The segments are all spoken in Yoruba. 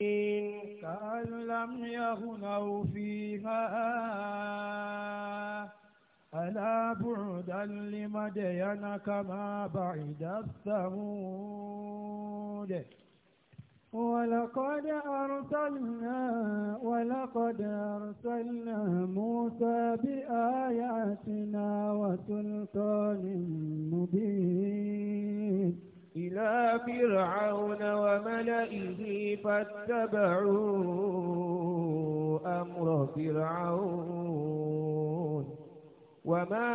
كأن لم يغنوا فيها ألا بعدا لمدين كما بعد الثمود ولقد أرسلنا ولقد أرسلنا موسى بآياتنا وسلطان مبين إلى فرعون وملئه فاتبعوا أمر فرعون وما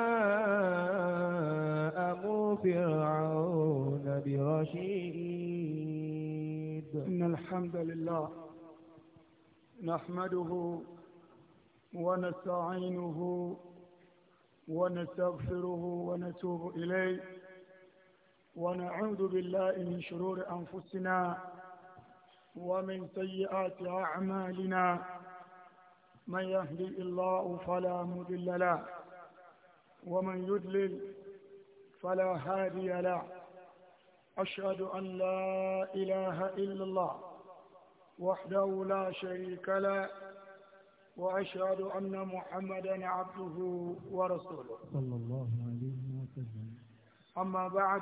أمر فرعون برشيد إن الحمد لله نحمده ونستعينه ونستغفره ونتوب إليه ونعوذ بالله من شرور أنفسنا ومن سيئات أعمالنا من يهدي الله فلا مضل له ومن يضلل فلا هادي له أشهد أن لا إله إلا الله وحده لا شريك له وأشهد أن محمدا عبده ورسوله صلى الله عليه وسلم أما بعد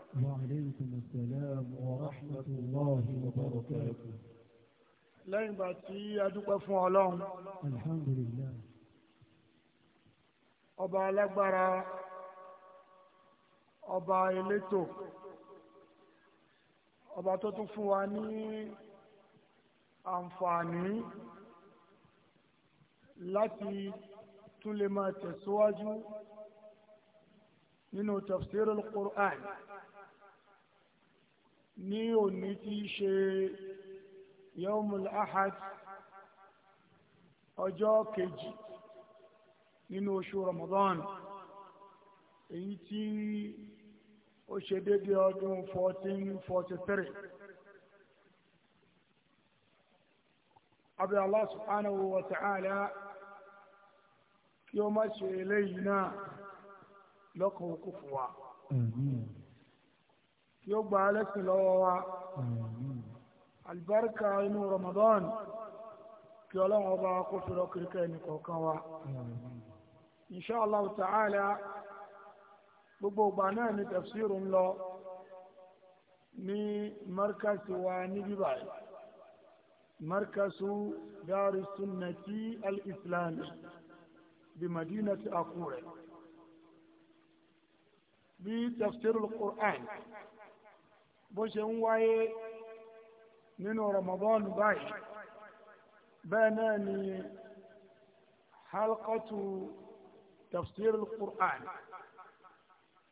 وعليكم السلام ورحمة الله وبركاته lẹ́yìn ìgbà tí a dúpẹ́ fún ọlọ́run alhamdulillah ọba alágbára ọba elétò ọba tó tún fún wa ní àǹfààní láti tún lè máa tẹ̀síwájú nínú tafsirul Qur'an ní òní tí í ṣe yawmul ahad ọjọ́ kejì nínú oṣù Ramadan èyí tí ó ṣe dédé ọdún 1443 abẹ́ Allah subhanahu wa ta'ala kí ó má ṣe eléyìí náà lọ́kàn fún wa tí ó gba ẹlẹ́sìn lọ́wọ́ wa alibarika inú Ramadan kí ọlọ́run ọba kó fi lọ kíríkẹ́ ẹnì kọ̀ọ̀kan wa insha Allah ta'ala gbogbo ìgbà náà ni tafsiru ń lọ ní markasi wa níbí báyìí markasu dari sunnati al-islami bi madinati Akure bi tafsiru al-Qur'an bó ṣe ń wáyé nínú Ramadan báyìí bẹ́ẹ̀ náà ni halkatu tafsir al-Qur'an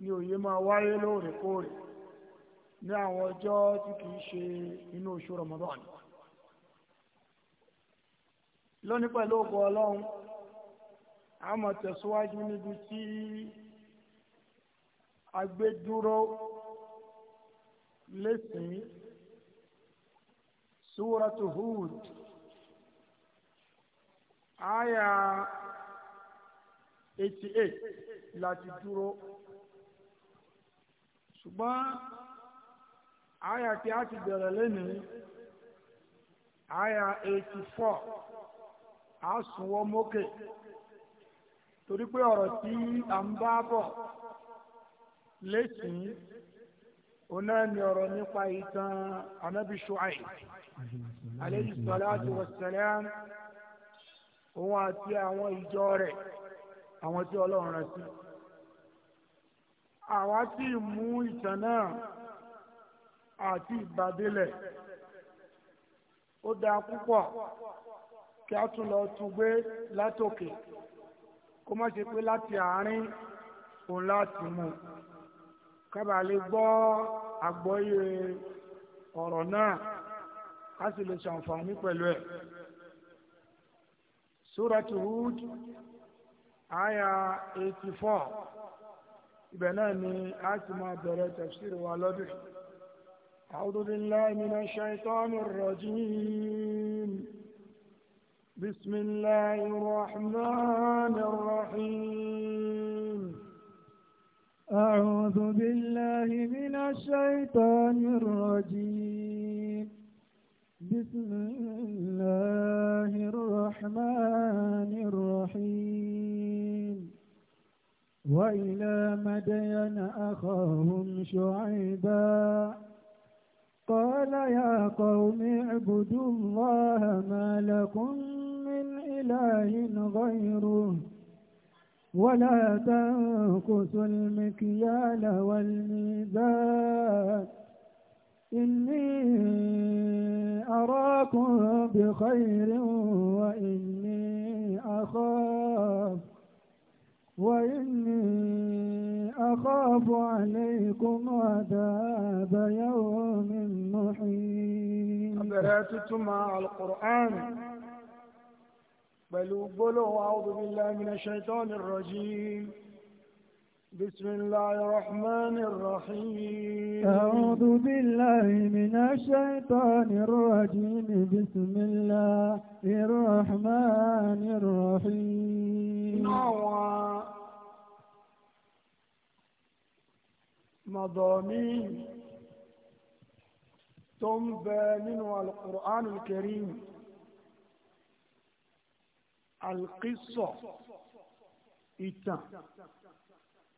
ni òye máa wáyé lóòrèkóòrè ní àwọn ọjọ́ tí kìí ṣe inú oṣù Ramadan lónìí pẹ̀lú ògbó ọlọ́run a máa tẹ̀síwájú níbi tí a lẹ́sìn súwúrọ́tù Hud àyà 88 láti dúró ṣùgbọ́n àyà tí a ti bẹ̀rẹ̀ lẹ́nìí àyà 84 a sùnwọ́ mókè torí pé ọ̀rọ̀ tí a ń bá bọ̀ lẹ́sìn ọ̀nà ni ọ̀rọ̀ nípa ìtàn anabi shu'aib aleyhi salatu wa salam òun àti àwọn ìjọ rẹ̀ àwọn tí ọlọ́run rán sí. àwa sì mú ìtàn náà àti ìbàdílẹ̀ ó dáa púpọ̀ kí a tún lọ tún gbé látòkè kó má ṣe pé láti àárín òun láti mú un kábà lè gbọ́ àgbọ́yé ọ̀rọ̀ náà ká sì lè ṣàǹfààní pẹ̀lú ẹ̀. Súratu Hud àyà eighty four ibẹ̀ náà ni a ti máa tafsir wa lọ́dún. أعوذ بالله من الشيطان الرجيم بسم الله الرحمن الرحيم أعوذ بالله من الشيطان الرجيم بسم الله الرحمن الرحيم وإلى مدين أخاهم شعيبا قال يا قوم اعبدوا الله ما لكم من إله غيره ولا تنقصوا المكيال والميزان إني أراكم بخير وإني أخاف وإني أخاف عليكم عذاب يوم محيط. عبرات مع القرآن pẹ̀lú gbólóhùn a'udhu billahi minash shaitonir rajim بسم الله الرحمن الرحيم أعوذ بالله من الشيطان الرجيم بسم الله الرحمن الرحيم نوع مضامين تنبى منه القرآن الكريم alkisọ ìtàn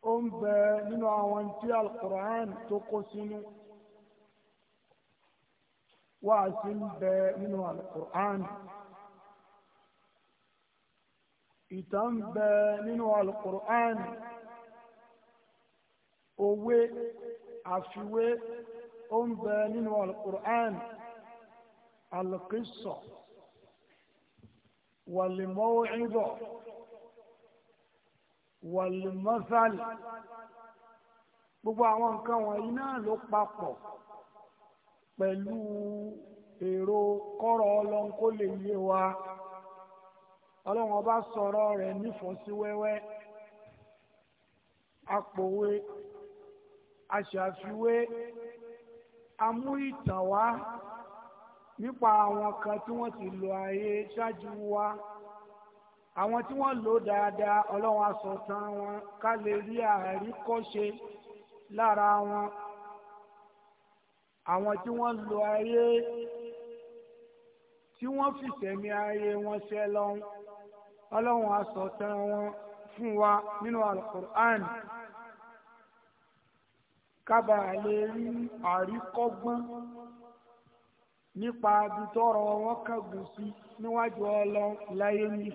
ó ń bẹ nínú àwọn tí alukur'an tó kó sínú wáàsí ń bẹ nínú alukur'an ìtàn ń bẹ nínú alukur'an òwe àfiwé ó ń bẹ nínú alukur'an alkisọ. والموعظة والمثل gbogbo àwọn nǹkan wọ̀nyí náà ló papọ̀ pẹ̀lú èrò kọ́rọ̀ ọlọ́run kó lè yé wa ọlọ́run ọba sọ̀rọ̀ rẹ̀ nífọ̀ọ́sí apòwe aṣàfiwé amú ìtàn wá nípa àwọn kan tí wọ́n ti lo ayé ṣáájú wa àwọn tí wọ́n lò dáadáa ọlọ́run aṣọ tán wọn ká lè rí àríkọ́ṣe lára wọn àwọn tí wọ́n lo ayé tí wọ́n fi tẹ̀mí ayé wọn ṣe lọ́hún ọlọ́run aṣọ wọn fún wa nínú alukur'an kábàá lè rí àríkọ́gbọ́n. nípa abitọ́rọ̀ wọn kángun sí níwájú ọlọ́run láyé mi.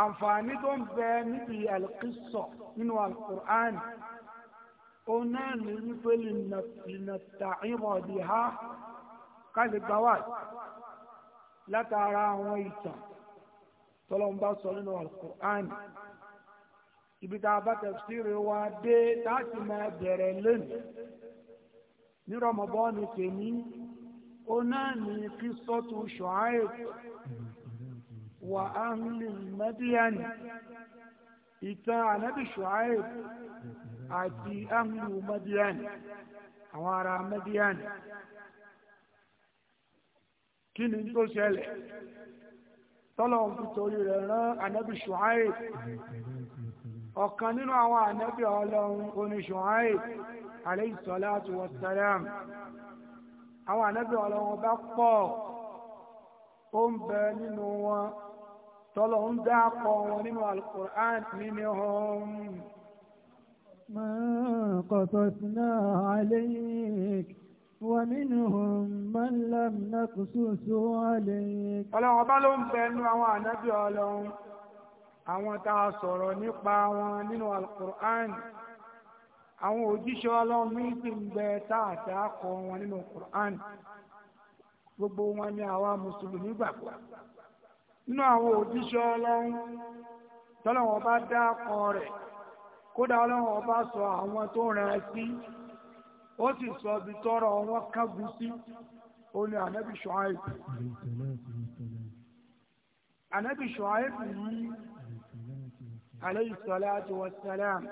àǹfààní tó ń bẹ níbi àlùkìsọ̀ nínú alukur'an òun náà ní wípé lìnàtà ìmọ̀ọ́dì ha káàdì gbáwà látara àwọn ìtàn tọ́lọ́mbà sọ nínú alukur'an ibi tá a bá tafsiri wa dé láti máa bẹ̀rẹ̀ lónìí. ní rọmọbọ́ọ̀nù tèmi ó náà ní kírísítọ́tù ṣọ́áìb wà á ń lè mẹ́díàní ìtàn ànábì ṣọ́áìb àti áńlù mẹ́díàní àwọn ará mẹ́díàní kí ni tó ṣẹlẹ̀ tọ́lọ̀ ń fi torí rẹ̀ rán ànábì ṣọ́áìb ọ̀kan nínú àwọn ànábì ọlọ́run oní alayhi salatu wa salam àwọn ànábì ọlọ́wọ́n bá pọ̀ ó ń bẹ nínú wọn tọ́lọ̀ ń dáàpọ̀ wọn nínú alukur'an nínú ọ̀hún. ما قصصنا عليك ومنهم من لم نقصصه عليك ọlọ́wọ́n bá ló ń bẹ nínú àwọn ànábì ọlọ́wọ́n àwọn tá a sọ̀rọ̀ nípa wọn nínú alukur'an àwọn òjíṣẹ́ ọlọ́run ní ti ń bẹ táàtì akọ wọn nínú Qur'an gbogbo wọn ni àwa mùsùlùmí gbàgbọ́ nínú àwọn òjíṣẹ́ ọlọ́run tọ́lọ́wọ́n bá dá akọ rẹ̀ kódà ọlọ́wọ́n bá sọ àwọn tó rán sí ó sì sọ ibi tọ́rọ̀ wọn kágun sí ó ní ànábì Ṣuaib ànábì Ṣuaib yìí alayhi salatu wassalam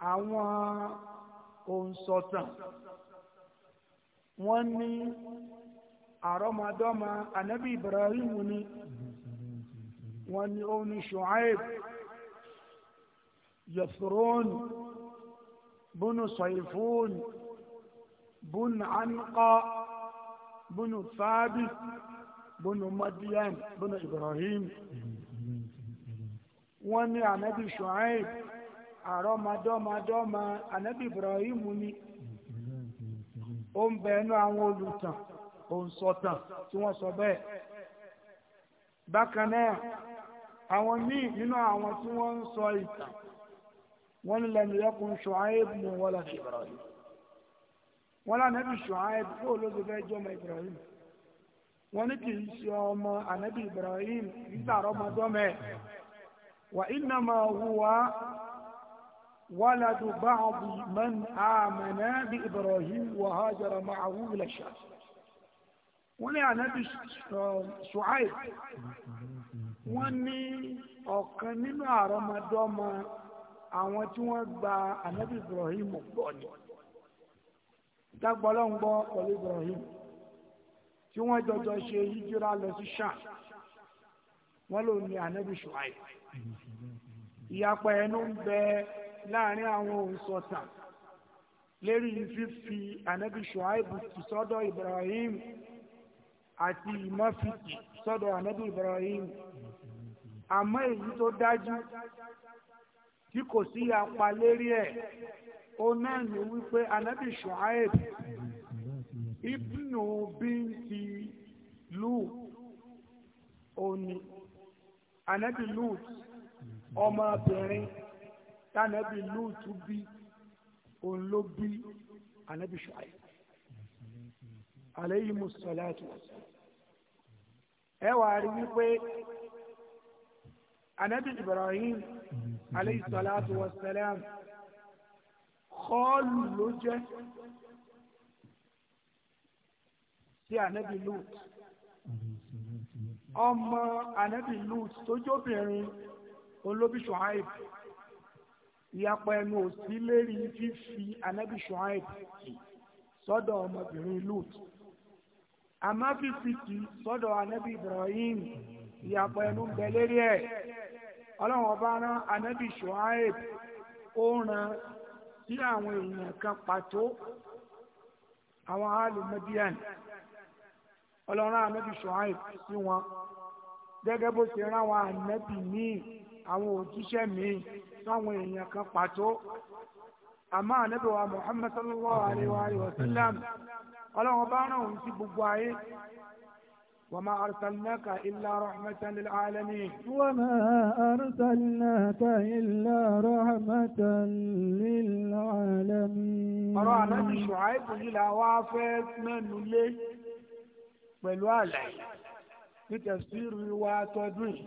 àwọn òǹsọ̀tàn wọ́n ní àrọ́mọdọ́mọ anábì ibrahim ni wọ́n ní ó ní shu'aib yasrun bunu saifun bunu anqa bunu thabit bunu madian ibrahim wọ́n ní anábì shu'aib àrọ́mọdọ́mọdọ́mọ ànábì Ibrahim ni ó ń bẹ ẹnu àwọn olùtàn òun tí wọ́n sọ bẹ́ẹ̀ bákan náà àwọn míì nínú àwọn tí sọ ìtàn ní mú wọn Ibrahim wọ́n lànàbì Shu'aib kó olóògbé fẹ́ Ibrahim wọ́n ní kì í ṣe ọmọ ànábì Ibrahim nígbà rọmọdọ́mọ ẹ̀ wà innama huwa. ولد بعض من آمن بإبراهيم وهاجر معه إلى الشام wọ́n ní ànábì ṣùháì wọ́n ní ọ̀kan nínú àrọ́mọdọ́mọ àwọn tí wọ́n gba ànábì Ibrahim gbọ́ ni dágbọ́lọ́ ń gbọ́ pẹ̀lú Ibrahim tí wọ́n jọjọ ṣe yíjíra lọ sí ṣáà wọ́n lò ní ànábì ṣùháì ìyapa ẹnu ń bẹ́ẹ̀ láàrin àwọn òǹsọ̀tàn lérí fífi ànábì ṣùháìbù tì sọ́dọ̀ Ibrahim àti ìmọ̀fìtì sọ́dọ̀ ànábì Ibrahim àmọ́ èyí tó dájú tí kò sí apá lérí ẹ̀ ó náà ní wípé ànábì ṣùháìbù ibnu bíntì lù òní ànábì lù ọmọbìnrin tánàbí lóòtú bí òun ló bí ànábì ṣùáyé àlẹ́yìn mùsùlùmí ẹ wà rí wípé ànábì ibrahim àlẹ́yìn sọ̀láàtù wọ̀sẹ̀lẹ́m kọ́ọ̀lù ló jẹ́ sí ànábì lóòtú ọmọ ànábì lóòtú tó jóbìnrin olóbi ṣùáyé ìyapa ẹnu òsì lérí fífi anabi shuaib sí sọ́dọ̀ ọmọbìnrin lut àmọ́ fífi tì sọ́dọ̀ anabi ibrahim ìyapa ẹnu ń bẹ lérí ẹ̀ ọlọ́run ọba rán anabi shuaib ó rán sí àwọn èèyàn kan pàtó àwọn alùmọdíàn ọlọ́run anabi shuaib sí wọn gẹ́gẹ́ bó ṣe rán àwọn anabi míì àwọn òjíṣẹ́ míì sáwọn èèyàn kan pàtó àmọ́ ànábì wa Muhammad sallallahu alayhi wa sallam ọlọ́run bá rán òun sí gbogbo ayé وما أرسلناك إلا رحمة للعالمين وما أرسلناك إلا رحمة للعالمين ọ̀rọ̀ Ànábì Ṣuaibu yìí la wá fẹ́ mẹ́nu lé pẹ̀lú àlàyé ní tẹ̀síìrì wa tọdún yìí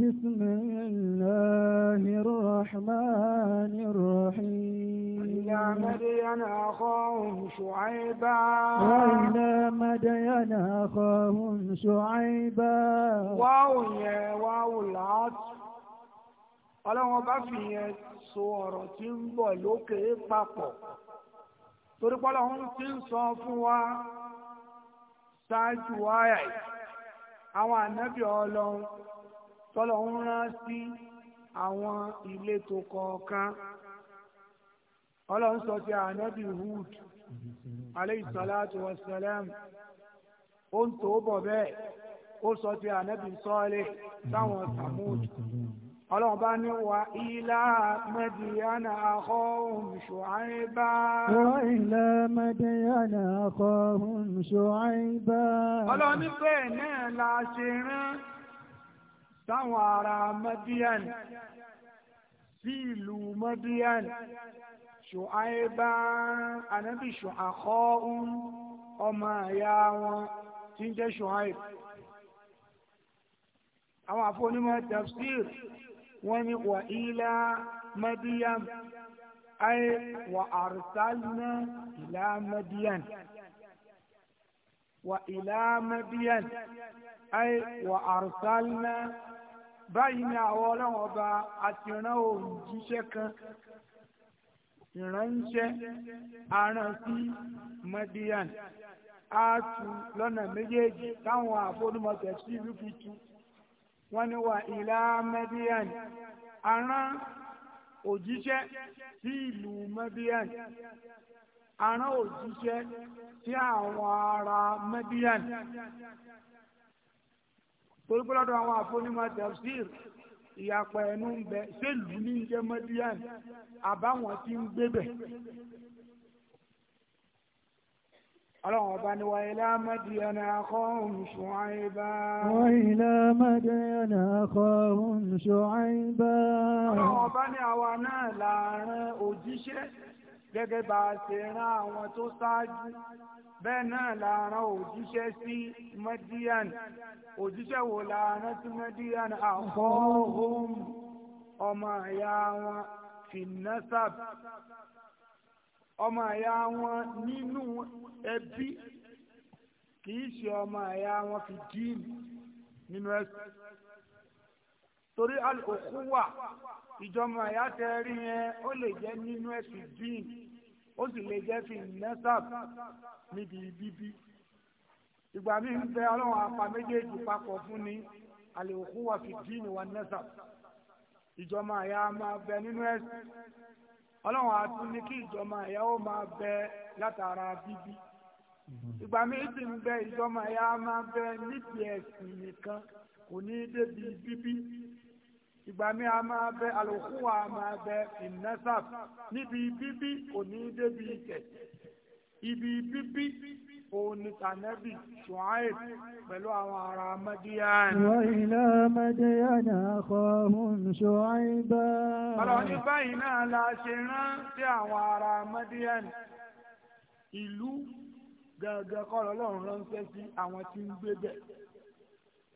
بسم الله الرحمن الرحيم وإلى مدين أخاهم شعيبا وإلى مدين أخاهم شعيبا واو يا واو العطف ọlọ́wọ́n bá fi yẹn so ọ̀rọ̀ tí ń bọ̀ lókè papọ̀ torí pé ọlọ́wọ́n ti ń sọ fún wa ṣáájú wáyà àwọn ànábì ọlọ́run tọ́lọ̀ ń rán sí àwọn ìletò kọ̀ọ̀kan ọlọ́run sọ ti ànábì Hud aleyhi salatu wa salam ó ń tó bọ̀ bẹ́ẹ̀ ó sọ ti ànábì sọ́ọ̀lẹ̀ sáwọn samud ọlọ́run bá ní wa ilá mẹ́díyánà akọ́hùn ṣùáìbá. wa ilá mẹ́díyánà akọ́hùn ṣùáìbá. ọlọ́run ní bẹ́ẹ̀ náà la ṣe rán sáwọn ará madian sí ìlú madian ṣùáìbá anábì ṣùákọ́ ọmọ ìyá wọn tí ń jẹ́ ṣùáìb àwọn àfọ́nímọ̀ tafsir wọ́n ní wà ilá madian ayé wà àrùsálínà ìlà madian wà ilá madian ayé wà àrùsálínà báyìí ni àwọn ọlọ́run ọba àti ìran òjíṣẹ́ kan ìránṣẹ́ aràn sí madian á tu lọ́nà méjèèjì táwọn àfọdúmọ̀tẹ̀ sí ìlú fi tu wọ́n ní wà ìlà madian aràn òjíṣẹ́ sí ìlú madian aràn òjíṣẹ́ sí àwọn ará madian torí pé lọ́dọ̀ àwọn àfonímọ̀ tafsir ìyàpọ̀ ẹnu ń bẹ sẹ́lù ní jẹ́ mọ́díyàn àbáwọn tí ń gbébẹ̀. ọlọ́run ọba ni wa ila Madyana akhahum Shu'ayba. wa ila Madyana akhahum Shu'ayba. ọlọ́run ọba ni àwa náà láàárín òjíṣẹ́ gẹ́gẹ́ bá a ṣe rán àwọn tó ṣáájú bẹ́ẹ̀ náà làárán òjíṣẹ́ sí mẹ́díàn òjíṣẹ́ wo làárán sí mẹ́díàn àkọ́hún ọmọ àyà wọn finasab ọmọ àyà wọn nínú ẹbí kìí ṣe ọmọ àyà wọn fi dín nínú ẹsẹ torí àlòkù wà ìjọba àyà tẹ rí yẹn ó lè jẹ nínú ẹsẹ dín ó sì lè jẹ finasab níbi bíbí ìgbà mi ń bẹ ọlọ́run apá méjèèjì papọ̀ fún ni àlèkú wà fi díìnì wà nẹ́sà ìjọba àyà máa bẹ nínú ẹ̀sìn ọlọ́run àtún ní kí ìjọba àyà ó máa bẹ látara bíbí ìgbà mi ti ń bẹ ìjọba àyà máa bẹ níbi ẹ̀sìn nìkan kò ní débi bíbí ìgbà mi a máa bẹ àlòkù wa máa bẹ ìnẹ́sà níbi bíbí kò ní débi tẹ̀sí ibi bíbí òun ni tànẹ́bì ṣùháìb pẹ̀lú àwọn ará mẹ́díyàn. wọ́n ilá mẹ́díyàn àkọ́hún ṣùháìbá. ọ̀rọ̀ ní báyìí náà la ṣe rán sí àwọn ará mẹ́díyàn ìlú gẹ́gẹ́ kọ́ lọ́lọ́run ránṣẹ́ sí àwọn tí ń gbé bẹ̀.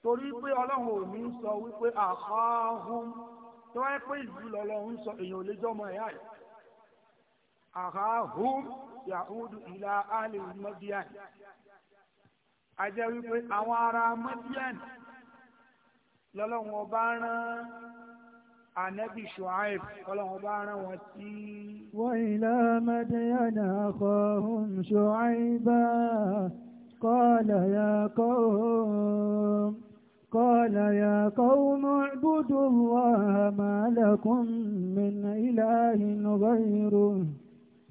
torí pé ọlọ́run ò ní sọ wípé àkọ́hún tó wáyé pé ìlú lọ́lọ́run sọ èèyàn ò lè jọ́mọ ẹ̀yà yìí àháhùn yahudu ìlà àlè madian ajẹ́ wípé àwọn ará madian lọ́lọ́wọ́n bá rán ànábì ṣùáìb ọlọ́wọ́n bá rán wọn sí. wọ́n ìlà madiana akhahum ṣùáìbá قال يا قوم قال يا قوم اعبدوا الله ما لكم من إله غيره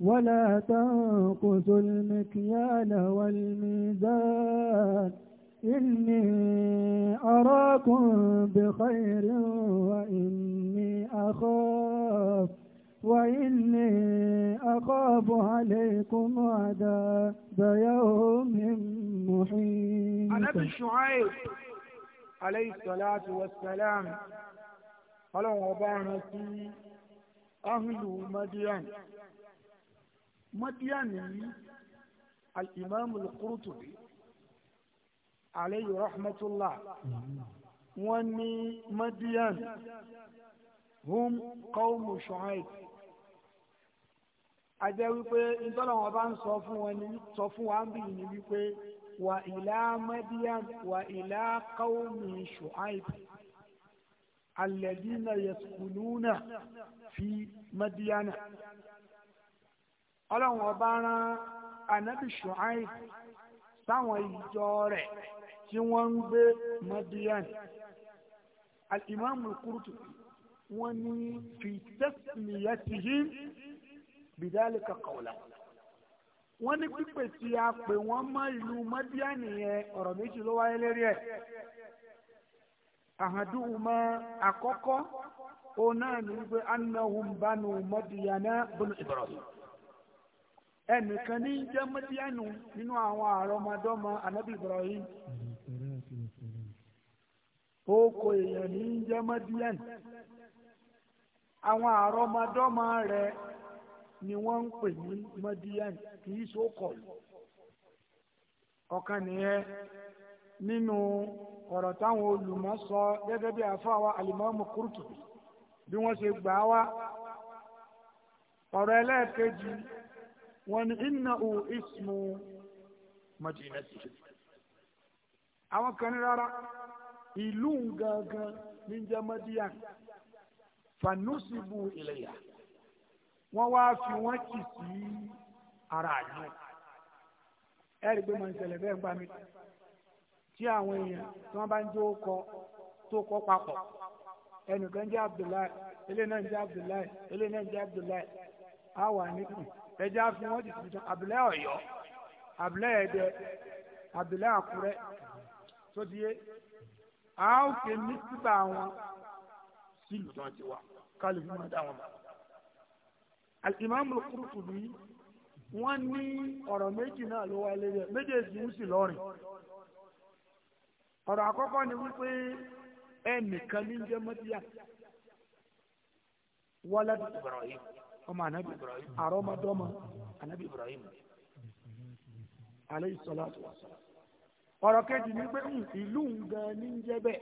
ولا تنقصوا المكيال والميزان إني أراكم بخير وإني أخاف وإني أخاف عليكم عذاب يوم محيط عن أبي شعيب عليه الصلاة والسلام قالوا وبعنا أهل مدين mọ́díàní yìí al-imam al-qurtubi alayhi rahmatullah wọ́n ní mọ́díàn hum qawmu shu'aib a jẹ́ wípé ìtọ́lọ̀wọ̀n bá ń sọ fún wọn ní sọ fún wa ń bì ní wípé wà ìlà mọ́díàn wà ìlà qawmi shu'aib alladhina yaskununa fi mọ́díànà ọlọ́run ọba rán anabi shuaib sáwọn ìjọ rẹ̀ tí wọ́n ń gbé madian alimami kurutu wọ́n ní fi tasmiyatihi bidhalika qawla wọ́n ní pípè tí a pè wọ́n mọ́ ìlú madian yẹn ọ̀rọ̀ méjì ló wáyé lérí ẹ̀ àhàdùnmọ́ àkọ́kọ́ òun náà ní wípé banu madiana bunu ibrahim. ẹnìkan ní jẹ́ mọ́díánù nínú àwọn àrọ́mọdọ́mọ anábì Ibrahim ó kọ èèyàn ní jẹ́ mọ́díánù àwọn àrọ́mọdọ́mọ rẹ̀ ni wọ́n ń pè ní mọ́díánù kì í so ọ̀kan nìyẹn nínú ọ̀rọ̀ táwọn olùmọ̀ sọ gẹ́gẹ́ bí àfáwa alimọ́mù Qurtubi bí wọ́n ṣe gbà á wá ọ̀rọ̀ ẹlẹ́ẹ̀kejì wọ́n ní innahu ismu madinatihi àwọn kan ní rárá ìlú gangan ní jẹ́ madian fanusibu ilayya wọ́n wá fi wọ́n kì sí ara àná ẹ̀rí pé màá ń ṣẹlẹ̀ bẹ́ẹ̀ gbá mi tí àwọn èèyàn tí wọ́n bá ń jó kọ tó kọ papọ̀ ẹnìkan jẹ́ abdullahi eléyìí náà jẹ́ abdullahi eléyìí náà jẹ́ abdullahi á wà nípìn ẹja fi wọ́n ti tuntun abìlẹ̀ ọ̀yọ́ abìlẹ̀ ẹ̀dẹ abìlẹ̀ àkúrẹ́ tó di yé a ó fi mísítà wọn sílùú náà ti wá kálí fún wọn dá wọn bá. alimami Qurtubi wọn ní ọ̀rọ̀ méjì náà ló wá lé méjèèjì ń sì lọ́rìn ọ̀rọ̀ àkọ́kọ́ ni wípé ẹnìkan ní jẹ́ mọ́tíyà wọ́lá Ibrahim ọmọ anabi ibrahim àrọmọdọ́mọ anabi ibrahim alayhi salatu wa salam ọ̀rọ̀ kejì ni pé hmm, ìlú nǹkan ní jẹ́ bẹ́ẹ̀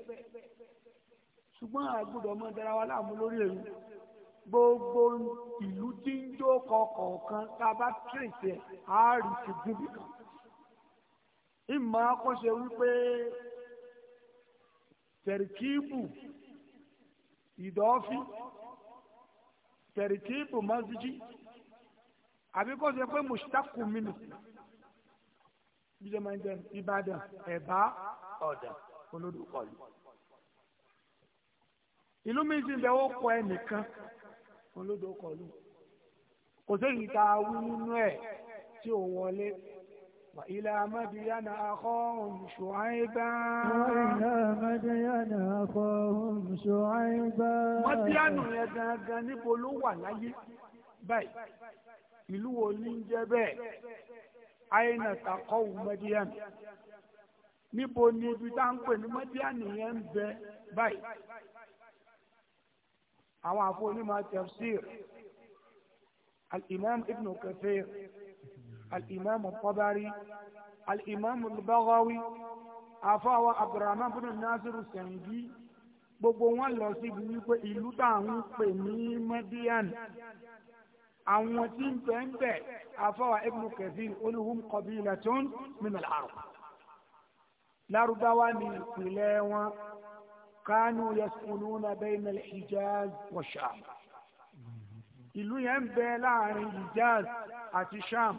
ṣùgbọ́n àgbọ́dọ̀ ọmọ dára wa láàmú lórí ẹ̀rù gbogbo ìlú tí ń jó kọ̀ọ̀kan tá a bá tẹ̀sẹ̀ àárí ti gúnbì kan ìmọ̀ akọ́ṣe wípé tẹ̀ríkìbù ìdọ́fí tẹ̀rìtìbù mọ́síjì àbí kò ṣe pé mùsítákù mínú bíjọ́ máa ń jẹ́ ìbàdàn ẹ̀bá ọ̀dà olódùkọ̀ ìlú mi ti bẹ̀ ó kọ ẹnìkan olódùkọ̀ kò sí ìta wí nínú ẹ̀ tí ò wọlé وإلى مدين أخاهم شعيبا وإلى مدين أخاهم شعيبا مدين يدهد نبلو ولي باي ìlú wo ní ń jẹ́ bẹ́ẹ̀ àyìnà tàkọ́wù mẹ́díàmù níbo ni ibi tá ń pè ní mẹ́díàmù yẹn ń bẹ báyìí àwọn àfọ onímọ̀ tafsir al-imam ibn kathir الإمام الطبري الإمام البغوي àfọwọ́ abdulrahman بن nasir sẹ́ńgí gbogbo wọn lọ síbi wípé ìlú táwọn pè ní madian àwọn tí ń bẹ̀ ń bẹ̀ àfọwọ́ ibn kathir olùhùn qabilatun min al-arab lárúbáwá ní ìpìlẹ̀ wọn kánú yaskununa bayna al-hijaz wa sham ìlú yẹn ń bẹ láàrin hijaz àti sham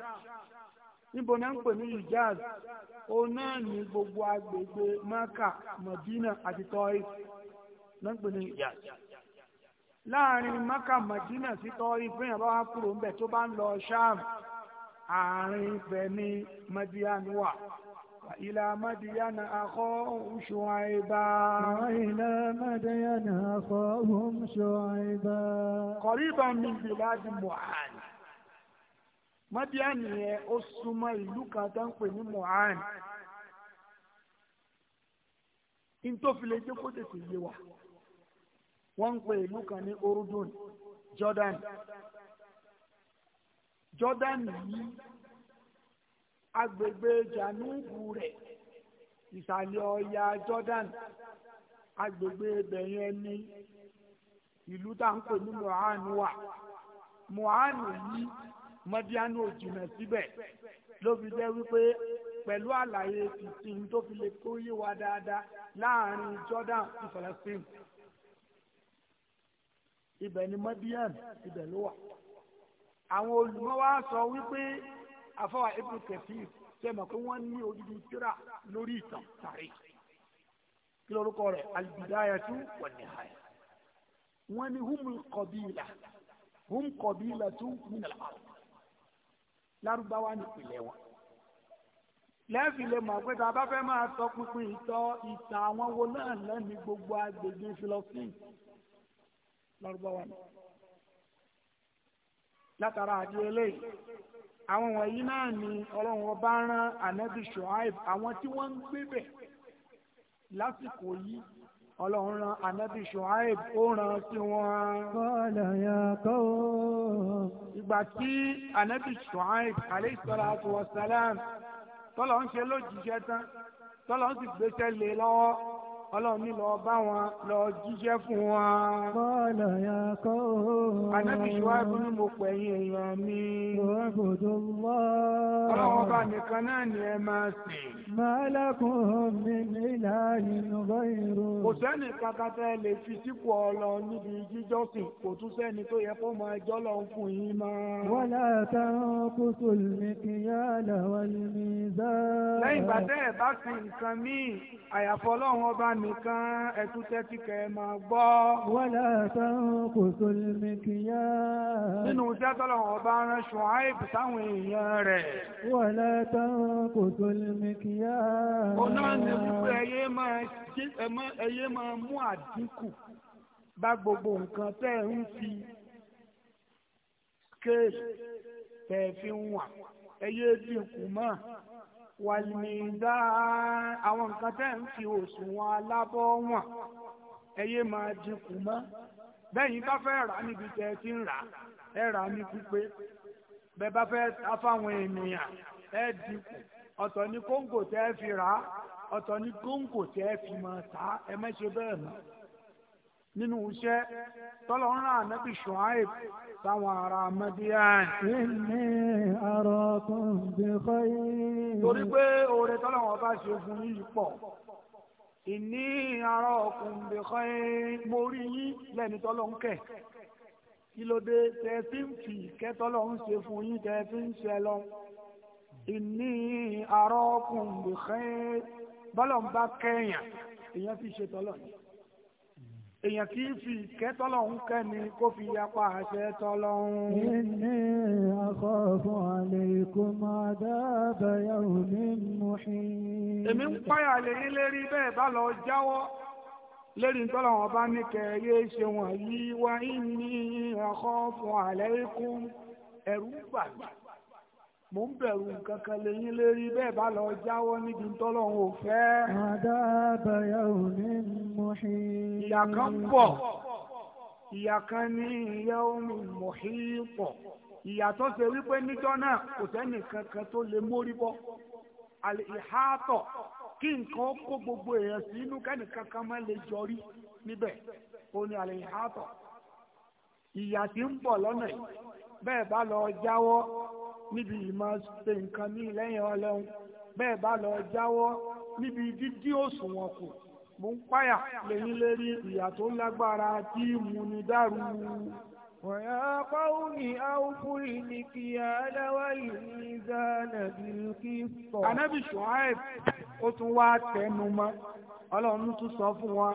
níbo náà ń pè ní Hijaz òun náà ní gbogbo agbègbè Maka Madina àti Tọ́ì náà ń pè ní Hijaz láàrin Maka Madina sí Tọ́ì fún yàrá wa kúrò ńbẹ tó bá ń lọ Sham àárín ibẹ̀ ní Madian wà. وإلى مدين أخاهم شعيبا وإلى مدين أخاهم شعيبا قريبا من بلاد معاد mọ́díánì yẹn o suma ìlú kan tó ń pè ní mohan ní tó fi lè jẹ́ kó tètè yé wa wọ́n ń pè ìlú kan ní orudun jordan jordan yìí agbègbè janubu rẹ̀ ìsàlẹ̀ ọya jordan agbègbè ibẹ̀ ní ìlú tá à ń pè ní mohan wà mohan yìí. mọ́díánù òjìnà síbẹ̀ ló fi jẹ́ wípé pẹ̀lú àlàyé tìtìm tó fi lè kó yé wa dáadáa láàrin Jordan sí Palestine ibẹ̀ ni mọ́díán ibẹ̀ ló wà àwọn olùmọ̀ wa sọ wípé àfọwà Ibn Kathir sẹ́mọ̀ pé wọ́n ní odidi tírà lórí ìtàn tàrí kí lórúkọ rẹ̀ al-Bidayatu wan-Nihaya wọ́n ní humul qabila hum qabilatun min al-ard lárúbáwá nìpìlẹ̀ wọn lẹ́ẹ̀fì lè mọ̀ pé tá a bá fẹ́ máa sọ pínpín ìtọ́ ìtàn àwọn wo náà lẹ́nu gbogbo agbègbè philistine lárúbáwá ni látara àti eléyìí àwọn wọ̀nyí náà ni ọlọ́run ọba rán anabi shuaib àwọn tí wọ́n ń gbébẹ̀ lásìkò yìí ọlọ́run ran anabi shuaib ó ran sí wọn. kọ́lá ya kọ́ ìgbà tí anabi shuaib alayhi salatu wa salam tọ́lọ̀ ń ṣe lójijì tán tọ́lọ̀ ń sì gbéṣẹ́ lé lọ́wọ́ ọlọ́run ní lọ bá wọn lọ jíṣẹ́ fún wọn. bọ́ọ̀lù ya kọ́ òun. ànábì ṣíwájú ni mo pè yín èèyàn mi. ìwọ́bùdó mọ́. ọlọ́run ọba nìkan náà ni ẹ máa sìn. máa lákùn mi nílà ìnùbọ̀ ìrù. kò sẹ́ni kakata lè fi sípò ọlọ níbi jíjọ́sìn kò tún sẹ́ni tó yẹ fọ́ máa lọ fún yín máa. wọ́n láta kó sólùmí kí yá làwọn ìmì mi kan ẹtú tẹ́tí kẹ́ máa gbọ́. wọ́lá sáwọn kò tó lè mi kìíyà. nínú iṣẹ́ tọ́lọ̀ wọn bá rán ṣùháìbù sáwọn èèyàn rẹ̀. wọ́lá sáwọn kò tó lè mi kìíyà. òun náà ní wípé ẹyẹ máa mú àdínkù bá gbogbo nǹkan tẹ́ ń fi kéèlì tẹ́ fi ń wà ẹyẹ dínkù mọ́ wàlìmíza àwọn nǹkan tẹ́ ń fi òṣùwọ̀n alábọ́ wọn ẹyẹ máa dínkù mọ́ bẹ́yìn bá fẹ́ rà níbi tẹ́ ti ń rà ẹ rà ní pípé bẹ́ẹ̀ bá fẹ́ ta fáwọn ènìyàn ẹ dínkù ọ̀tọ̀ ní kóńgò tẹ́ fi rà ọ̀tọ̀ ní kóńgò tẹ́ fi máa ta ẹ má bẹ́ẹ̀ mọ́ nínú iṣẹ́ tọ́lọ̀ ń rán ànábì ṣùháìb táwọn ará mẹ́díàn. Inni arakum bi khair. Torí pé oore tọ́lọ̀ wọn bá ṣe fún yìí pọ̀. Inni arakum bi khair. Mo rí yín lẹ́ni tọ́lọ̀ ń kẹ̀. Kí ló dé tẹ fi ń fi ìkẹ́ ń ṣe fún yín tẹ fi ń ṣe lọ? Inni arakum bi khair. Bọ́lọ̀ ń bá kẹ́yàn, èèyàn fi ṣe tọ́lọ̀ yìí èèyàn tí í fi kẹtọlọ ń kẹni kó fi yapa àṣẹ tọlọ ń. inni akhafu alaykum adaba yawmin muhin. èmi ń páyà lẹ́yìn lérí bẹ́ẹ̀ bá lọ jáwọ́ lérí tọ́lọ̀ wọn ní kẹ́ yé ṣe wọ̀nyí wa inni akhafu alaykum ẹ̀rú gbàgbà mo ń bẹ̀rù nǹkan kan lẹ́yìn lérí bẹ́ẹ̀ bá lọ jáwọ́ níbi tọ́lọ́run ò fẹ́. àdábàyà ò ní mọ̀hí. ìyà kan pọ̀ ìyà kan ní ìyà omi mọ̀hí pọ̀ ìyà tó ṣe wípé níjọ́ náà kò sẹ́nì kankan tó lè mórí bọ́ àlè ìhátọ̀ kí nǹkan kó gbogbo èèyàn sínú kẹ́nì kankan máa lè jọrí níbẹ̀ ó ní àlè ìhátọ̀ ìyà tí ń bọ̀ lọ́nà yìí bẹ́ẹ̀ bá lọ jáwọ́ níbi ìmọ̀ ṣe nǹkan ní lẹ́yìn ọlọ́run bẹ́ẹ̀ bá lọ jáwọ́ níbi dídí òṣùwọ̀n kù mo ń páyà lẹ́yìn lérí ìyà tó lágbára tí mo ní dàrú. ويا قوم أوفوا المكيال والميزان بالقسط Ànábì Ṣuaib ó tún wá tẹnumọ́ Ọlọ́run tún sọ fún wọn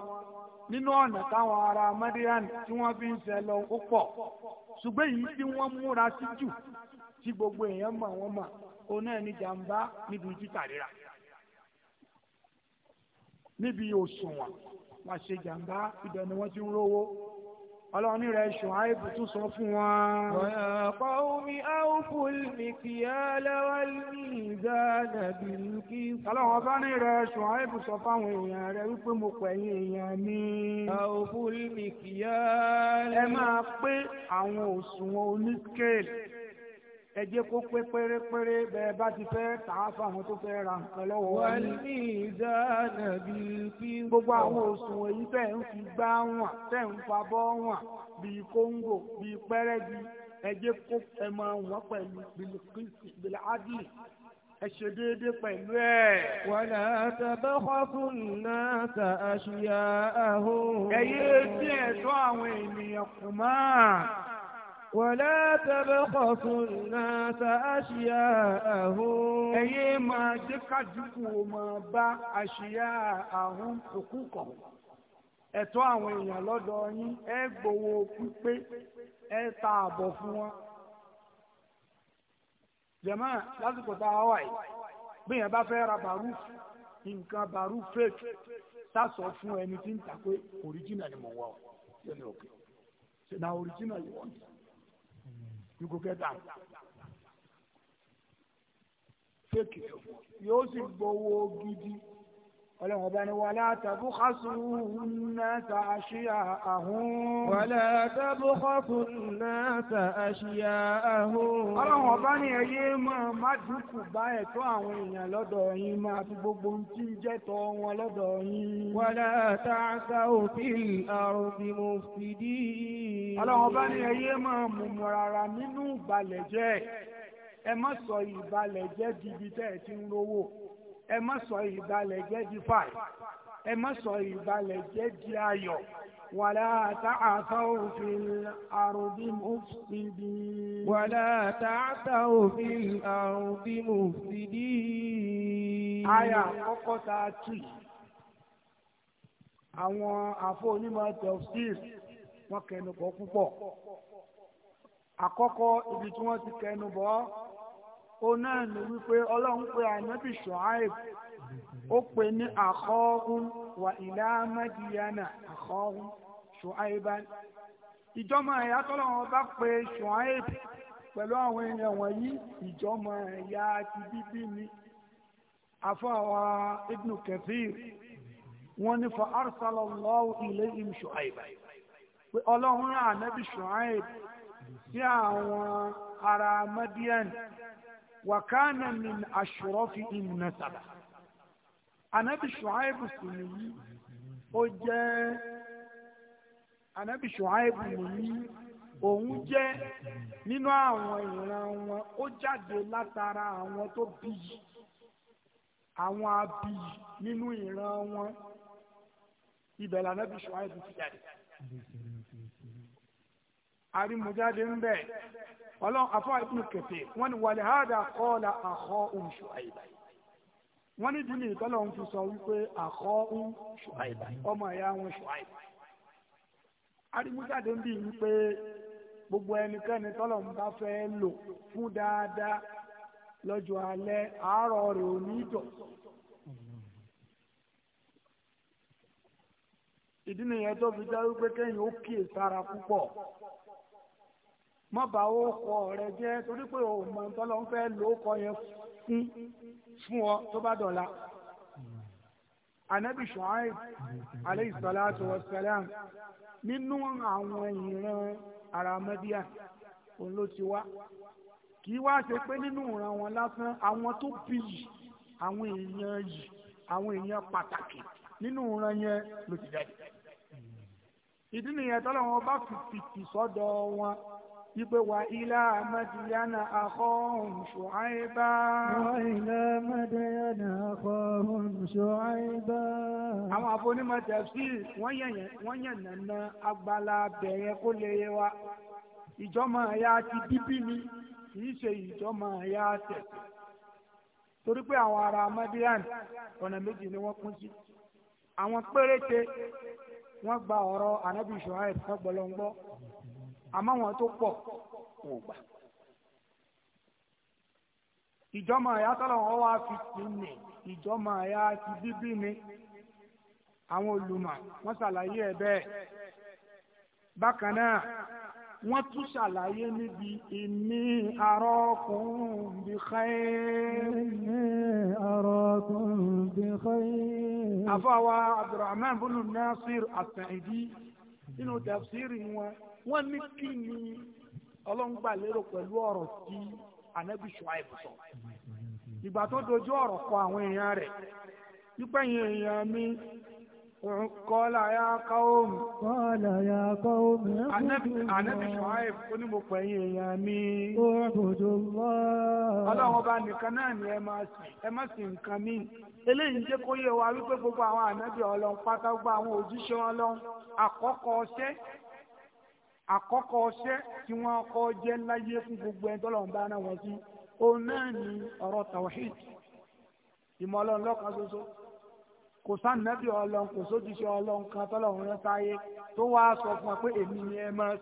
nínú ọ̀nà táwọn ará Madian tí wọ́n fi ń ṣe lọ ó pọ̀ ṣùgbọ́n èyí tí wọ́n múra sí jù tí gbogbo èèyàn mọ̀ wọ́n mọ̀ o náà ní jàǹbá níbi títà rírà níbi òṣùwọ̀n wọ́n ṣe jàǹbá ibẹ̀ ni wọ́n ti ń rówó ọlọ́run ní rẹ̀ ṣùn àìbù tún sọ fún wọn. ọ̀pọ̀ omi áwùfù nìkìyà lẹ́wọ́lì ìdánàbì kí. ọlọ́run ọba ní rẹ̀ ṣùn àìbù sọ fáwọn èèyàn rẹ̀ wípé mo pẹ̀yìn èèyàn mi. áwùfù nìkìyà lẹ́wọ́lì. ẹ máa pé àwọn òṣùwọ̀n onískéèlì ẹ jẹ́ kó pé pérépéré bẹ́ẹ̀ bá ti fẹ́ tà á fáwọn tó fẹ́ ra nǹkan lọ́wọ́ wa ní. wọ́n ní ìdáná bíi kí. gbogbo àwọn òṣùwọ̀n èyí tẹ̀ ń fi gbá wọn tẹ̀ ń fa bọ́ wọn bíi kóńgò bíi pẹ́rẹ́gì ẹ kó ẹ máa wọ́n pẹ̀lú bìládìí ẹ ṣe déédé pẹ̀lú ẹ̀. wàlá tabakhasun nasa ashiya'ahum. ẹ yéé dín ẹ̀tọ́ àwọn ènìyàn kù ولا تبخسوا الناس أشياءهم ẹ yé máa jẹ́ kádùkù máa bá أشياءهم حقوقهم ẹ̀tọ́ àwọn èèyàn lọ́dọ̀ yín ẹ gbowó pípé ẹ ta àbọ̀ fún wọn. jẹ̀mọ́ lásìkò tá a wà yìí bí yẹn bá fẹ́ ra baruf nǹkan baruf fake sásọ fún ẹni tí ń ta pé original ni mo wà ó ṣe na original yìí wọ́n ti you go get out fake yóò sì gbowó gidi ọlọ́run ọba ni wàlá tàbú kásùn náà ta àṣíyà àhún. wàlá tàbú kásùn náà ta àṣíyà àhún. ọlọ́run ọba ni ẹyẹ máa má dúkù bá ẹ̀tọ́ àwọn èèyàn lọ́dọ̀ yín máa fi gbogbo ohun tí ń jẹ́tọ́ wọn lọ́dọ̀ yín. wàlá tàṣà òfin àròbí mo fi dí. ọlọ́run ọba ni ẹyẹ máa mùmọ̀ rárá nínú ìbàlẹ̀ jẹ́ ẹ má sọ ìbàlẹ̀ jẹ́ di tẹ́ ẹ ti ń rówó ẹ má sọ ìbalẹ̀ jẹ́ di fàì ẹ má sọ ìbalẹ̀ jẹ́ di ayọ̀ wàlá tààtà òfin àrùbí mùsùlùmí. wàlá tààtà òfin àrùbí mùsùlùmí. àyà àkọ́kọ́ tá a tù yìí àwọn àfọ onímọ̀ tẹ̀síìr wọn kẹnu bọ̀ púpọ̀ àkọ́kọ́ ibi tí wọ́n ti kẹnu bọ̀ ó náà ní wípé ọlọ́run pé ànábì ṣùháìb ó pè ní àkọ́hún wà ìlà mẹ́díyánà àkọ́hún ṣùháìbá ìjọmọ̀ ẹ̀yà tọ́lọ́run bá pè ṣùháìb pẹ̀lú àwọn èèyàn wọ̀nyí ìjọmọ̀ ẹ̀yà ti bíbí ni afọ́wà ibn kathir wọ́n ní fa arsalallahu ilayhim ṣùháìbá pé ọlọ́run ànábì ṣùháìb sí àwọn ará mẹ́díyánà wàkánà ní aṣọ́rọ́fì ìmùnẹ́sàbà anabi ṣùháìbù sì nìyí ó jẹ́ anabi ṣùháìbù nìyí òun jẹ́ nínú àwọn ìran wọn ó jáde látara àwọn tó bíyì àwọn abiyì nínú ìran wọn ibẹ̀ lànàbì ṣùháìbù ti jáde. arimujáde ń bẹ̀ ọlọ́run afọ́ ibn Kathir wọ́n ní wàlẹ̀ hádà kọ́ọ̀lá àkọ́ òun Ṣuaiba wọ́n ní dínì ìtọ́lọ́run fi sọ wípé àkọ́ òun Ṣuaiba ọmọ ẹ̀yà wọn Ṣuaiba arimújáde ń bí wípé gbogbo ẹnikẹ́ni tọ́lọ́run bá fẹ́ lò fún dáadáa lọ́jọ́ alẹ́ àárọ̀ rẹ̀ ò ní dọ̀ ìdí nìyẹn tó fi jẹ́ wípé kẹ́yìn ó kíyè sára púpọ̀ má bà ó kọ rẹ jẹ́ torí pé o mọ̀ tọ́lọ́ ń fẹ́ lò ó kọ yẹn fún fún ọ tó bá dọ̀la. anabi shuaib aleyhi salatu wa salam nínú àwọn ìran aramadiya òun ló ti wá kì í wá ṣe pé nínú ìran wọn lásán àwọn tó bí yìí àwọn èèyàn yìí àwọn èèyàn pàtàkì nínú ìran yẹn ló ti jáde ìdí nìyẹn tọ́lọ́ wọn bá fi fìtì sọ́dọ̀ wọn wípé wà ilá àmàdìyànà àkọ́hùn ṣùháìbá. wà ilá àmàdìyànà àkọ́hùn ṣùháìbá. àwọn àfonímọ̀ tẹ̀sí wọ́n yẹn nàna agbala bẹ̀rẹ̀ kó lè yé wa ìjọmọ ẹ̀yà ti bíbí ni kì í ṣe ìjọmọ ẹ̀yà tẹ̀sí torí pé àwọn ará amadian ọ̀nà méjì ni wọ́n kún sí àwọn péréte wọ́n gba ọ̀rọ̀ anabi shuaib sọgbọ́lọ́ngbọ́ àmọ́ wọn tó pọ̀ wọn ò gbà ìjọmọ ẹ̀yà tọ́lọ̀ wọn wá fi ti nì ìjọmọ ẹ̀yà ti bíbí ni àwọn olùmọ̀ wọ́n ṣàlàyé ẹ̀ bẹ́ẹ̀ bákan náà wọ́n tún ṣàlàyé níbi ìní arọ́kùnrin bí xẹ́ẹ́. àfọwọ́ abdulrahman bin nasir asàìdí nínú tafsiri wọn. wọ́n ní kí ni ọlọ́ngbà lérò pẹ̀lú ọ̀rọ̀ tí anabi Shuaib sọ ìgbà tó dojú ọ̀rọ̀ kọ àwọn èèyàn rẹ̀ yípẹ́yìn èèyàn mi kọ́lá ya káwọ́m kọ́lá ya káwọ́m anabi ní mo pẹ̀yìn èèyàn mi ọlọ́run ọba nìkan náà ni ẹ máa ẹ nǹkan mi eléyìí gbogbo àwọn anabi pátá àwọn òjíṣẹ́ àkọ́kọ́ àkọ́kọ́ ọṣẹ́ tí wọ́n kọ́ jẹ́ láyé fún gbogbo ẹni tọ́lọ́run bá rán wọn sí òun náà ni ọ̀rọ̀ tawhid ìmọ̀ ọlọ́run lọ́kan ṣoṣo kò sánàbí ọlọ́run kò sójúṣe ọlọ́run kan tọ́lọ́run sáyé tó sọ fún wa pé èmi ni ẹ máa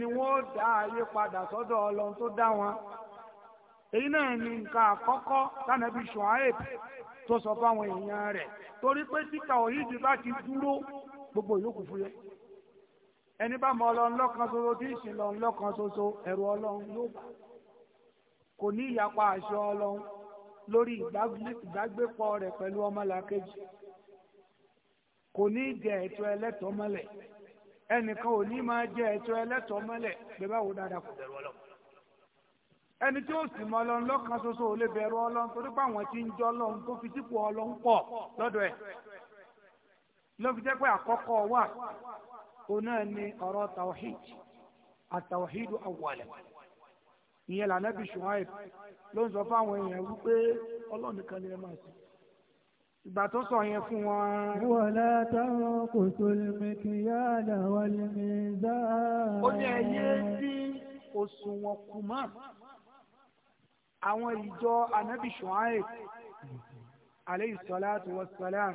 ni wọ́n dá ayé padà sọ́dọ̀ ọlọ́run tó dá wọn èyí náà nǹkan àkọ́kọ́ torí pé tí tawhid bá ti gbogbo yòókù fúyẹ́ ẹni bá mọ ọlọ́run lọ́kan ṣoṣo tí ìsìn lọ́run lọ́kan ṣoṣo ẹ̀rù ọlọ́run yóò bá kò ní ìyapa àṣọ ọlọ́run lórí ìdágbépọ̀ rẹ̀ pẹ̀lú ọmọlàkejì kò ní jẹ ẹ̀tọ́ ẹlẹ́tọ́ mọ́lẹ̀ ẹnìkan ò ní máa jẹ ẹ̀tọ́ ẹlẹ́tọ́ mọ́lẹ̀ bẹ́ẹ̀ bá wo dáadáa kò bẹ̀rù ọlọ́run ẹni tí ó sì mọ ọlọ́run lọ́kan ṣoṣo ò lè bẹ̀rù ọlọ́run torí pé àwọn tí ń jọ ọlọ́run tó fi sípò ọlọ́run pọ̀ lọ́dọ̀ ẹ̀ ló fi jẹ́ pé àkọ́kọ́ wà ó náà ni ọ̀rọ̀ tawhid àtàwọ̀hídù awwala ìyẹn lànà bí Ṣuaib ló ń sọ fáwọn èèyàn wípé Ọlọ́run nìkan ni ẹ máa sìn ìgbà tó sọ yẹn fún wọn. wala tanqusul mikyala wal mizan. ó ní ẹyẹ tí òṣùwọ̀n kù mọ́ àwọn ìjọ anabi Shuaib alayhi salatu wassalam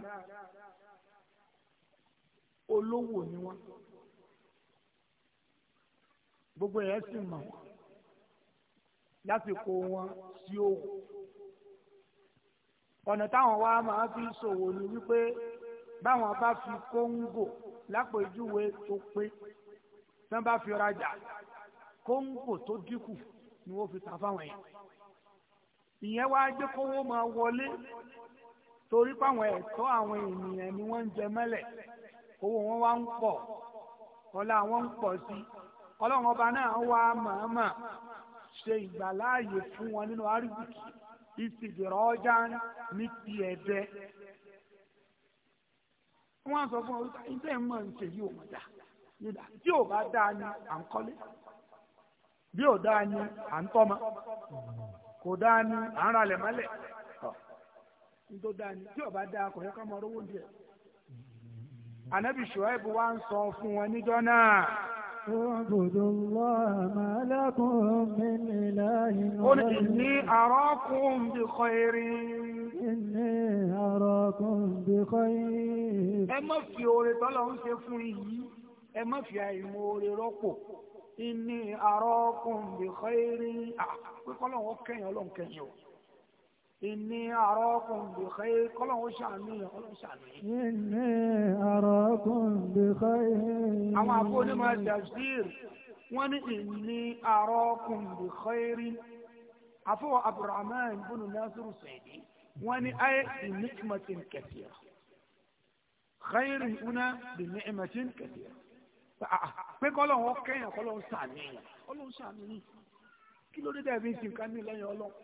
olówó ni wọ́n gbogbo yẹn sì mọ̀ lásìkò wọn sí òwò ọ̀nà táwọn wa máa fi ṣòwò ni wípé báwọn bá fi kóńgò lápèjúwe tó pé tí wọ́n bá fi rajà kóńgò tó dínkù ni wọ́n fi ta fáwọn yẹn ìyẹn wá jẹ́ kówó máa wọlé torí pàwọn ẹ̀tọ́ àwọn ènìyàn ni wọ́n ń jẹ mẹ́lẹ̀ owó wọn wá ń pọ̀ ọlá wọn ń sí ọlọ́run ọba náà wá màmá ṣe ìgbàláàyè fún wọn nínú àríwíkì ìsìdìrọ̀ ọjà ní ti sọ fún ọ wípé iṣẹ́ ń mọ̀ yìí ò mọ̀ nígbà tí ò bá dáa ni à ń kọ́lé bí ò dáa ni à ń tọ́mọ kò dáa ni à ń ni tí ò bá dáa kò yẹ ká ànábì ṣùháìbù wá ń sọ fún wọn níjọ́ náà. Ó ní ìní àrọ́kùn bí kọ́ irin. Ìní àrọ́kùn bí kọ́ irin. Ẹ má fi oore tọ́lọ̀ ń ṣe fún iyì, ẹ má fi àìmọ̀ oore rọ́pò. Ìní àrọ́kùn bí kọ́ irin. Pé kọ́lọ̀ ọlọ́run kẹ́yìn o. Inni arakun bi khair kọ́lọ̀wọ́ ṣàánú yẹn kọ́lọ̀wọ́ ṣàánú yẹn. Inni arakun bi khair. Àwọn àfọ́ní máa tafsir wọ́n ní inni arakun bi khair. Àfọ́wọ́ Abdurrahman bin Nasiru Saidi wọ́n ní ayé bi ni'matin kathira. Khair una bi ni'matin kathira. Ah, pé kọ́lọ̀wọ́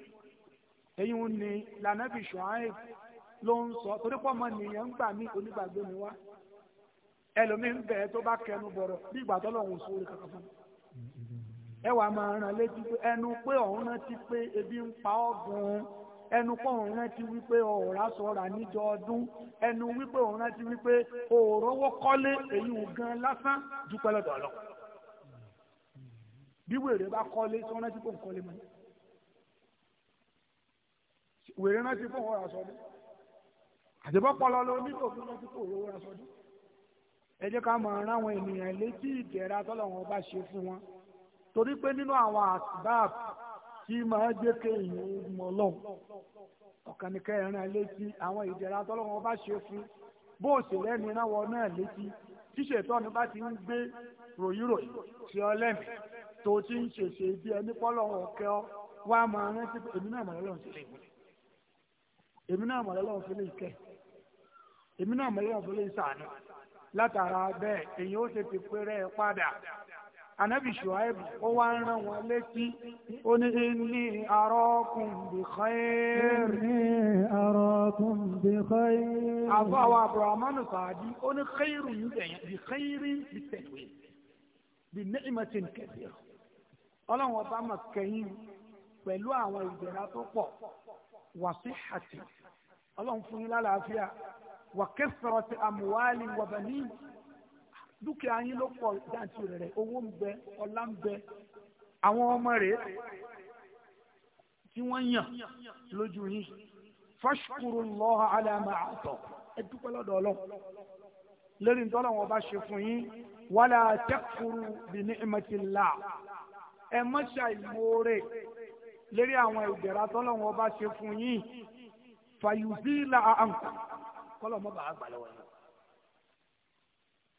èyí ń ní lànàbì ṣùháìb ló ń sọ torí pọ́ mọ nìyẹn ń gbà mí onígbàgbé mi wá ẹlòmíín bẹ̀ tó bá kẹnu bọ̀rọ̀ bí ìgbà tó lọ́wọ́ sórí kankan fún mi. ẹ wàá máa ràn létí pé ẹnu pé ọ̀hún rántí pé ebi ń pa ọ́ gan-an ẹnu pé ọ̀hún rántí wípé ọ̀rá sọ̀rà níjọ ọdún ẹnu wípé ọ̀hún rántí wípé òòrówó kọ́lé èyí ò gan lásán dúpẹ́ lọ́dọ̀ ọ̀lọ́ bí wèrè bá kọ́lé sọ́rántí kò ń kọ́lé mọ́ ni wèrè rántí fún òun aṣọ dé àdébọ́pọ̀lọ ló nílò fún rántí fún òun aṣọ dé ẹ jẹ́ ká máa rán àwọn ènìyàn létí ìdẹ̀ra tọ́lọ́wọ́n bá ṣe fún wọn torí pé nínú àwọn àtìbáàbù tí máa jẹ́ kéèyàn mọ̀ lọ́wọ́ ọ̀kan ní kẹrin létí àwọn ìdẹ̀ra tọ́lọ́wọ́n bá ṣe fún bó ṣe lẹ́nu iná wọ náà létí tíṣe tọ́ni bá ti ń gbé ròyìnròyìn sí ọ tó ti ń ṣèṣe bí ẹni pọ́lọ́wọ́ kẹ́ ọ wá máa rántí èmi náà mọ̀ lọ́wọ́ sí ilé ìwé èmi náà mọ̀ lọ́wọ́ fi lè kẹ́ èmi náà mọ̀ lọ́wọ́ fi lè sànù látara bẹ́ẹ̀ èyí ó ṣe ti péré padà anabi shuaib ó wá ń rán wọn létí ó ní inni arakum bi khair inni arakum bi khair àbáwọ̀ abrahamanu sàádì ó ní khairu ní ẹ̀yẹn bi khairi bi tẹ̀wé bi ni'matin kathira ọlọ́run kẹ́yìn pẹ̀lú àwọn ìdẹ̀ra tó pọ̀ wàsíhàtì ọlọ́run fún yín lálàáfíà wà kẹsàrọ̀ ti àmúwálì wàbẹ̀ní dúkìá yín ló pọ̀ dáńtì rẹ̀ owó ń bẹ ọlá ń bẹ àwọn ọmọ rẹ̀ tí wọ́n yàn lójú yín fashkuru lọ́ha alama àtọ̀ ẹ dúpẹ́ lọ́dọ̀ ọlọ́run lórí ntọ́lọ́ wọn bá ṣe fún yín wàlá tẹ́kùrù bí ní ìmọ̀tìlá ẹ mọ́ṣáì mọ́ọ́rẹ́ lérí àwọn ìdẹ̀ra tọ́lọ́wọ́n ọba ṣe fún yín fàyùsílà àǹkà kọ́lọ̀ mọ́ bàá gbà lọ́wọ́ yẹn.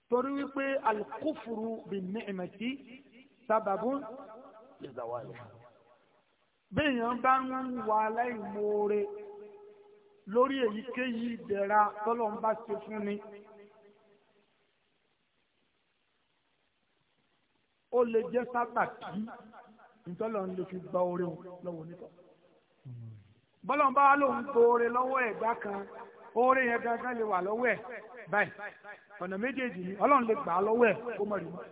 torí wípé alikófuru bí nìmẹ̀tì sábàbù ìzàwáyé. béèyàn bá ń wà aláìmoore lórí èyíkéyìí ìdẹ̀ra tọ́lọ́wọ́n bá ṣe fún ni. ó lè jẹ́ sábàbí ntọ́lọ̀ ń lè fi gba oore o lọ́wọ́ onítọ̀. bọ́lọ̀ ń bá wa lóun tó oore lọ́wọ́ ẹ̀ gbá kan oore yẹn gangan lè wà lọ́wọ́ ẹ̀ báyìí ọ̀nà méjèèjì ni ọlọ́run lè gbà á lọ́wọ́ ẹ̀ kó mọ̀ rí mọ́.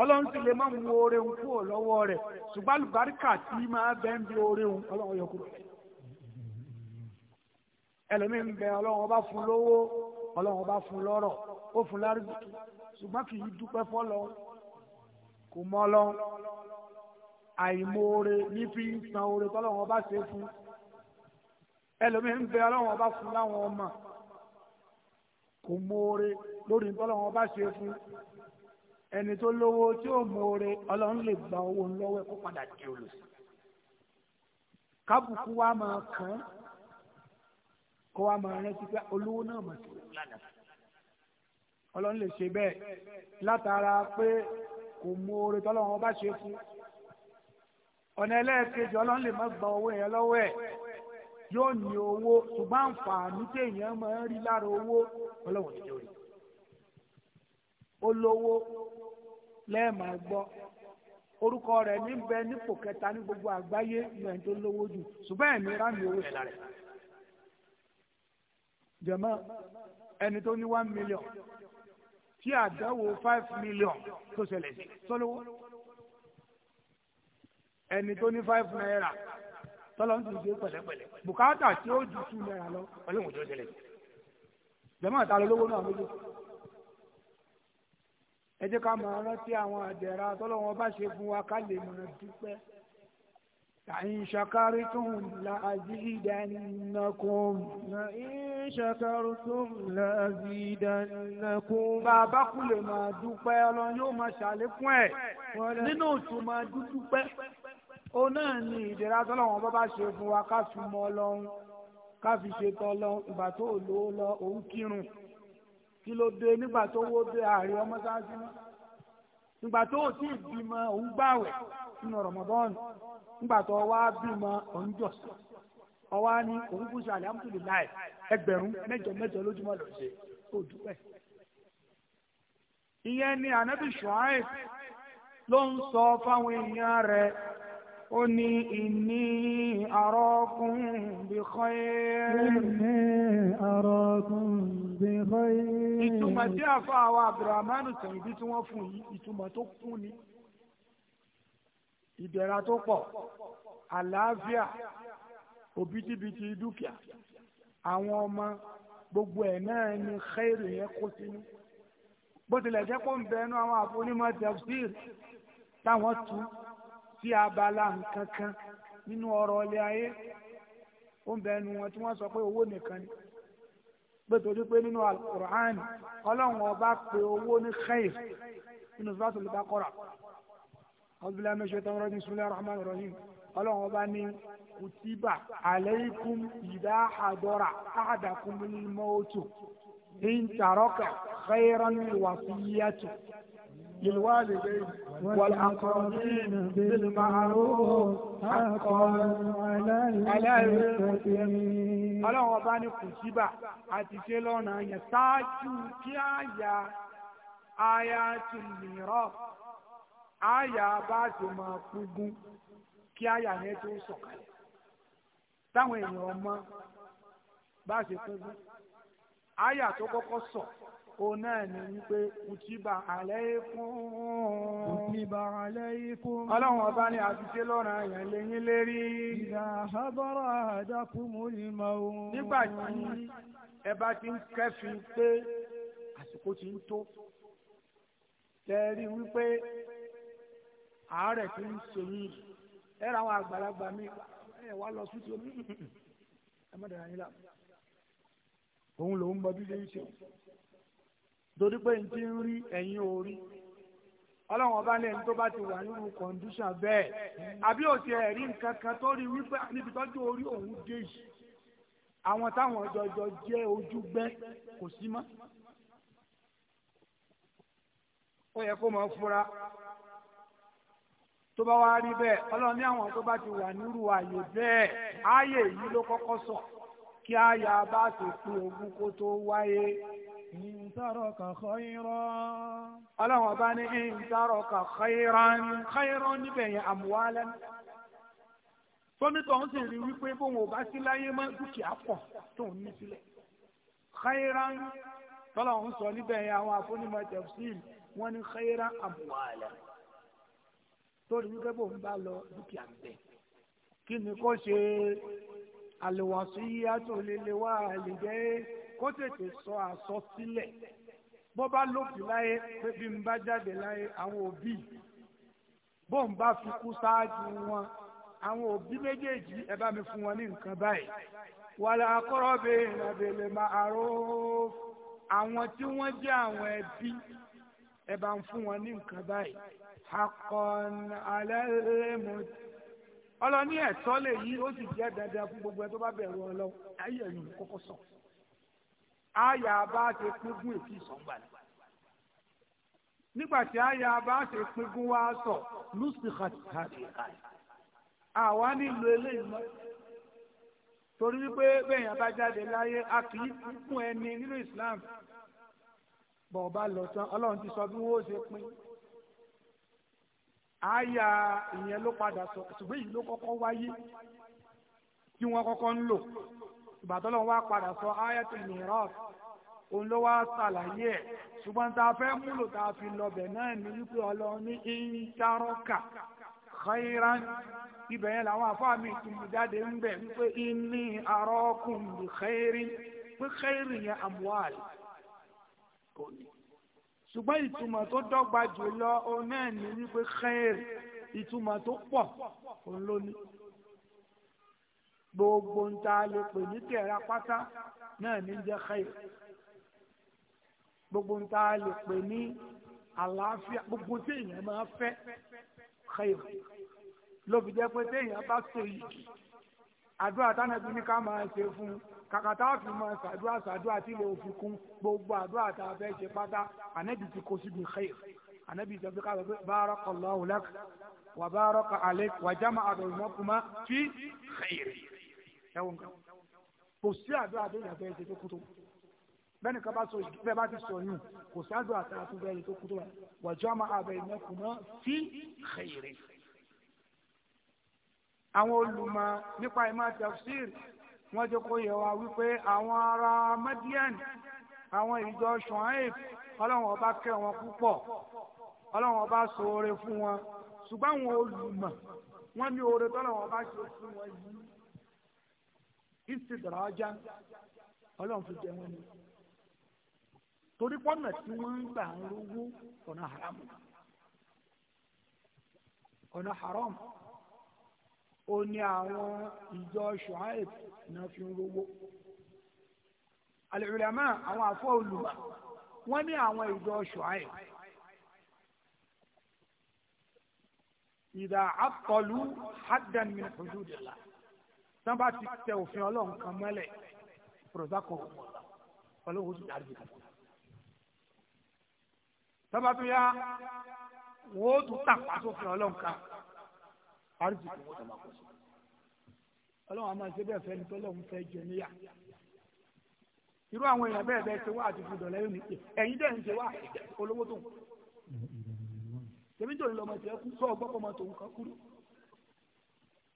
ọlọ́run sì lè má mú oore òun kúrò lọ́wọ́ rẹ̀ ṣùgbọ́n àlùbáríkà tí máa bẹ́ ń bí oore òun ọlọ́run yọ kúrò. ẹlòmíín bẹ ọlọ́run ọba fún lówó ọlọ́run ọba fún lọ́rọ̀ ó fún lárúbùtù ṣùgbọ́n kì í dúpẹ́ fọ́lọ́ kò mọ́ ọlọ́run àìmoore ní fi ń san oore tọ́lọ́wọ́n bá ṣe fún ẹlòmíín ń bẹ ọlọ́wọ́n bá fún láwọn ọmọ kò moore lórí tọ́lọ́wọ́n bá ṣe fún ẹni tó lówó tí ó moore ọlọ́run lè gba owó ńlọ́wọ́ ẹ̀ kó padà di olùsí kábùkù wa máa kàn án kó wa máa rántí pé olówó náà mà sí lánàá ọlọ́run lè ṣe bẹ́ẹ̀ látara pé kò moore tọ́lọ́wọ́n bá ṣe fún ọ̀nà ẹlẹ́ẹ̀kejì ọlọ́run lè má gba owó yẹn lọ́wọ́ ẹ̀ yóò ní owó ṣùgbọ́n àǹfààní téèyàn máa ń rí lára owó ọlọ́run ìjọ rẹ̀ olówó lẹ́ẹ̀mà gbọ́ orúkọ rẹ̀ níbẹ̀ nípò kẹta ní gbogbo àgbáyé ní ẹni tó lówó jù ṣùgbọ́n ẹ̀mí rámi owó ẹ̀ lára ẹ̀ jẹ̀mọ́ ẹni tó ní one million tí àdáwò five million tó ṣẹlẹ̀ sí sọ́lọ́wọ́ ẹni tó ní five naira tọ́lọ́ ń tún ṣe pẹ̀lẹ́pẹ̀lẹ́ bùkátà tí ó ju two naira lọ pẹ̀lú òun tó ṣẹlẹ̀ jẹ́mọ́ àti alólówó náà lójú. ẹ jẹ́ ká máa rántí àwọn àdẹ̀ra tọ́lọ́ wọn bá ṣe fún wa ká lè máa dúpẹ́. لئن شكرتم لأزيدنكم لئن شكرتم لأزيدنكم bàbá kú lè máa dúpẹ́ ọlọ́run yóò máa ṣàlékún ẹ̀ ó náà ní ìdẹ̀ra tọ́lọ́wọ́n bá bá ṣe fún wa ká fi mọ ọlọ́run ká fi ṣe tọ́lọ́run ìgbà tó lówó lọ òun kírun kí ló dé nígbà tó wó dé ààrẹ ọmọ sáájú mọ́ ìgbà tó tí ì bímọ òun gbàwẹ̀ nínú rọmọbọ́ọ̀nù nígbà tó wá bímọ òun jọ̀sọ̀ ọwá ní òun kú sàlẹ̀ amúlùláì ẹgbẹ̀rún mẹ́jọ mẹ́jọ lójúmọ́ lọ ṣe ó dúpẹ́. ìyẹn ni ànábì ṣùáì ló ń sọ fáwọn èèyàn rẹ̀ ó ní ìní àrọ́kùn bí kọ́yẹ́. ìní àrọ́kùn bí kọ́yẹ́. ìtumọ̀ tí àfa àwọn abdulrahman tẹ̀yìndí tí wọ́n fún yìí ìtumọ̀ tó kún ni ìdẹ̀ra tó pọ̀ àlàáfíà òbítíbitì dúkìá àwọn ọmọ gbogbo ẹ̀ náà ni xeyìrì yẹn kó sínú bó tilẹ̀ jẹ́ pé àwọn àfonímọ̀ tafsir táwọn tún sí abala nǹkan kan nínú ọrọ̀ ilé ayé ó ń bẹ ẹnu wọn tí wọ́n sọ pé owó nìkan ni pé torí pé nínú alukur'an ọlọ́run ọba pé owó ní khair nínú suratul baqara ọdúnlá mẹ́sẹ̀ tó ń rọ́jú bismillah rahman rahim ọlọ́run ọba ní kùtìbà alaykum ìdá àdọ́ra ahadakumul mautu in taraka khairan للوالدين والأقربين بالمعروف على المتقين ọlọ́run ọba ní kò síbà àti ṣe lọ́nà yẹn ṣáájú kí àyà àyà ti mìíràn àyà bá ṣe máa kúgún kí àyà yẹn tó sọ̀kalẹ̀ táwọn èèyàn ọmọ bá ṣe kúgún àyà tó kọ́kọ́ sọ̀ òun náà ni wípé kùtìbà alaykum. kùtìbà alaykum. ọlọ́run ọba ni àtúnṣe lọ́ràn yẹn lẹ́yìn lérí. ìdá àbọ̀rọ̀ àdàkùnmùl maut. nígbà tí ẹ bá ti ń kẹ́fìn pé àsìkò ti ń tó tẹ́rí wípé àárẹ̀ ti ń ṣe yín ẹ ra àwọn àgbàlagbà mi ẹ wá lọ sùtì omi ẹ má dara yín la òun lòún mọ bí ṣe ń ṣe torí pé n ti ń rí ẹ̀yin orí ọlọ́run ọba lẹ́yìn tó bá ti wà nínú kọ̀ǹdíṣàn bẹ́ẹ̀ àbí òsì ẹ̀rí nǹkan kan tó rí wípé níbi tọ́jú orí òun dé yìí àwọn táwọn jọjọ jẹ́ ojúgbẹ́ kò sí mọ́ ó yẹ kó máa fura tó bá wá rí bẹ́ẹ̀ ọlọ́run ní àwọn tó bá ti wà nírú àyè bẹ́ẹ̀ ààyè yìí ló kọ́kọ́ sọ kí àyà bá ti pín ogún kó tó wáyé ìntàrọ̀kà khayran. ọlọ́run ọba ní ìntàrọ̀kà khayran khayran níbẹ̀ yẹn àmúwálẹ́. tómítọ̀ ń sì rí wípé bóun ò bá sí láyé mọ́ dúkìá pọ̀ tóun ní sílẹ̀. khayran tọ́lọ́run sọ níbẹ̀ yẹn àwọn àfọ́nímọ̀ tafsir wọ́n ní khayran àmúwálẹ́. torí wípé bóun bá lọ dúkìá bẹ̀ kí ni kò ṣe àlùwàsíyá tó lè lè wá àlùjẹ́ kó tètè sọ àsọsílẹ̀ bó bá lòdì láyé pé bí n bá jáde láyé àwọn òbí bó n bá fi kú sáájú wọn àwọn òbí méjèèjì ẹ bá mi fún wọn ní nǹkan báyìí wàlẹ̀ akọ́rọ́ bẹ́ẹ̀ ìrìnàbẹ̀lẹ̀ máa rò àwọn tí wọ́n jẹ́ àwọn ẹbí ẹ bá ń fún wọn ní nǹkan báyìí haqqan ala al-mut ọlọ́ni ẹ̀tọ́ lè yí ó sì jẹ́ dandan fún gbogbo ẹ tó bá bẹ̀rù Ọlọ́run ayé ẹ̀yìn kọ́kọ́ sọ. Aya bá ti pínkún èsì ìsọ̀ngbà ni nígbà tí àyà bá ti pínkún wá sọ lùsì hàtìhàtì àyà àwa nílò eléyìí mọ́ torí wípé bẹ́ẹ̀ yẹn bá jáde láyé a kì í fún ẹni nínú Islam bọ̀ bá lọ tán ọlọ́run ti sọ bí wọ́n ó ṣe pín àyà ìyẹn ló padà sọ ṣùgbọ́n èyí ló kọ́kọ́ wáyé tí wọ́n kọ́kọ́ ń lò ìbàtọ́lọ́wọ́ wá padà sọ ayatul miras òun ló wá ṣàlàyé ẹ̀ ṣùgbọ́n tá a fẹ́ múlò tá a fi lọ́bẹ̀ náà ní wípé ọlọ́run ní ìńtárọ́kà khairan ibẹ̀ yẹn làwọn afáàmì ìtumù jáde ń bẹ̀ wípé inni arọ́kùn bí khairin pé khairin yẹn amwal ṣùgbọ́n ìtumọ̀ tó dọ́gba jùlọ òun náà ní wípé khair ìtumọ̀ tó pọ̀ òun ló ní gbogbo ń ta lè pè ní tẹ̀ra pátá náà ní jẹ́ khair gbogbo ń ta lè pè ní àlàáfíà gbogbo tí èèyàn máa fẹ́ khair ló fi jẹ́ pé téèyàn bá so yìí àdúrà tánàbí ní ká máa ṣe fún kàkà tá máa ṣàdúrà ṣàdúrà tí lè fi kún gbogbo àdúrà tá a fẹ́ ṣe pátá ànábì ti kó síbi khair ànábì sọ pé ká sọ pé barakallahu lak wa baraka alayk wa jama'a bainakuma fi khair ẹ̀wọ̀n kan kò sí àdúrà tó yàtọ̀ ẹ̀ṣẹ̀ tó kú tó bẹ́ẹ̀ nìkan bá sọ bẹ́ẹ̀ bá ti sọ yùn kò sí àdúrà tó yàtọ̀ ẹ̀ṣẹ̀ tó kú tó wàjọ́ àmọ́ abẹ ìmẹ́kùn náà sí xèrè. àwọn olùmọ̀ nípa ìmọ̀ tafsir wọ́n ti kó yẹ wa wípé àwọn ará madian àwọn ìjọ ṣùnàìf ọlọ́run ọba kẹ́ wọn púpọ̀ ọlọ́run ọba ṣoore fún wọn ṣùgbọ́n àwọn olùmọ̀ wọ́n ní oore tọ́lọ́run ọba ṣe fún wọn yìí ìsìdàrájà ọlọ́run fi jẹ wọn ni torí pọ́nà tí wọ́n ń gbà ń rówó ọ̀nà haram ọ̀nà haram ó ní àwọn ìjọ Shu'aib náà fi ń rówó al-ulama àwọn àfọ olùwà wọ́n ní àwọn ìjọ Shu'aib idha àtọ̀lù haddan min hududillah tán bá ti tẹ òfin ọlọ́run kan mọ́lẹ̀ pòròsákò ọlọ́run ti dárí ìgbà tán bá tún yá wọ́n ó tún tàpá sófin ọlọ́run kan àríjìkì wọ́n tàbá kọ́ sí ọlọ́run a máa ṣe bẹ́ẹ̀ fẹ́ ni tọ́lọ́run fẹ́ jẹ níyà irú àwọn èèyàn bẹ́ẹ̀ bẹ́ẹ̀ ṣe wá àti gbọdọ̀ lẹ́yìn nìyẹn ẹ̀yin dẹ̀ ń ṣe wá olówó tó ń tèmi tó ń lọ́mọ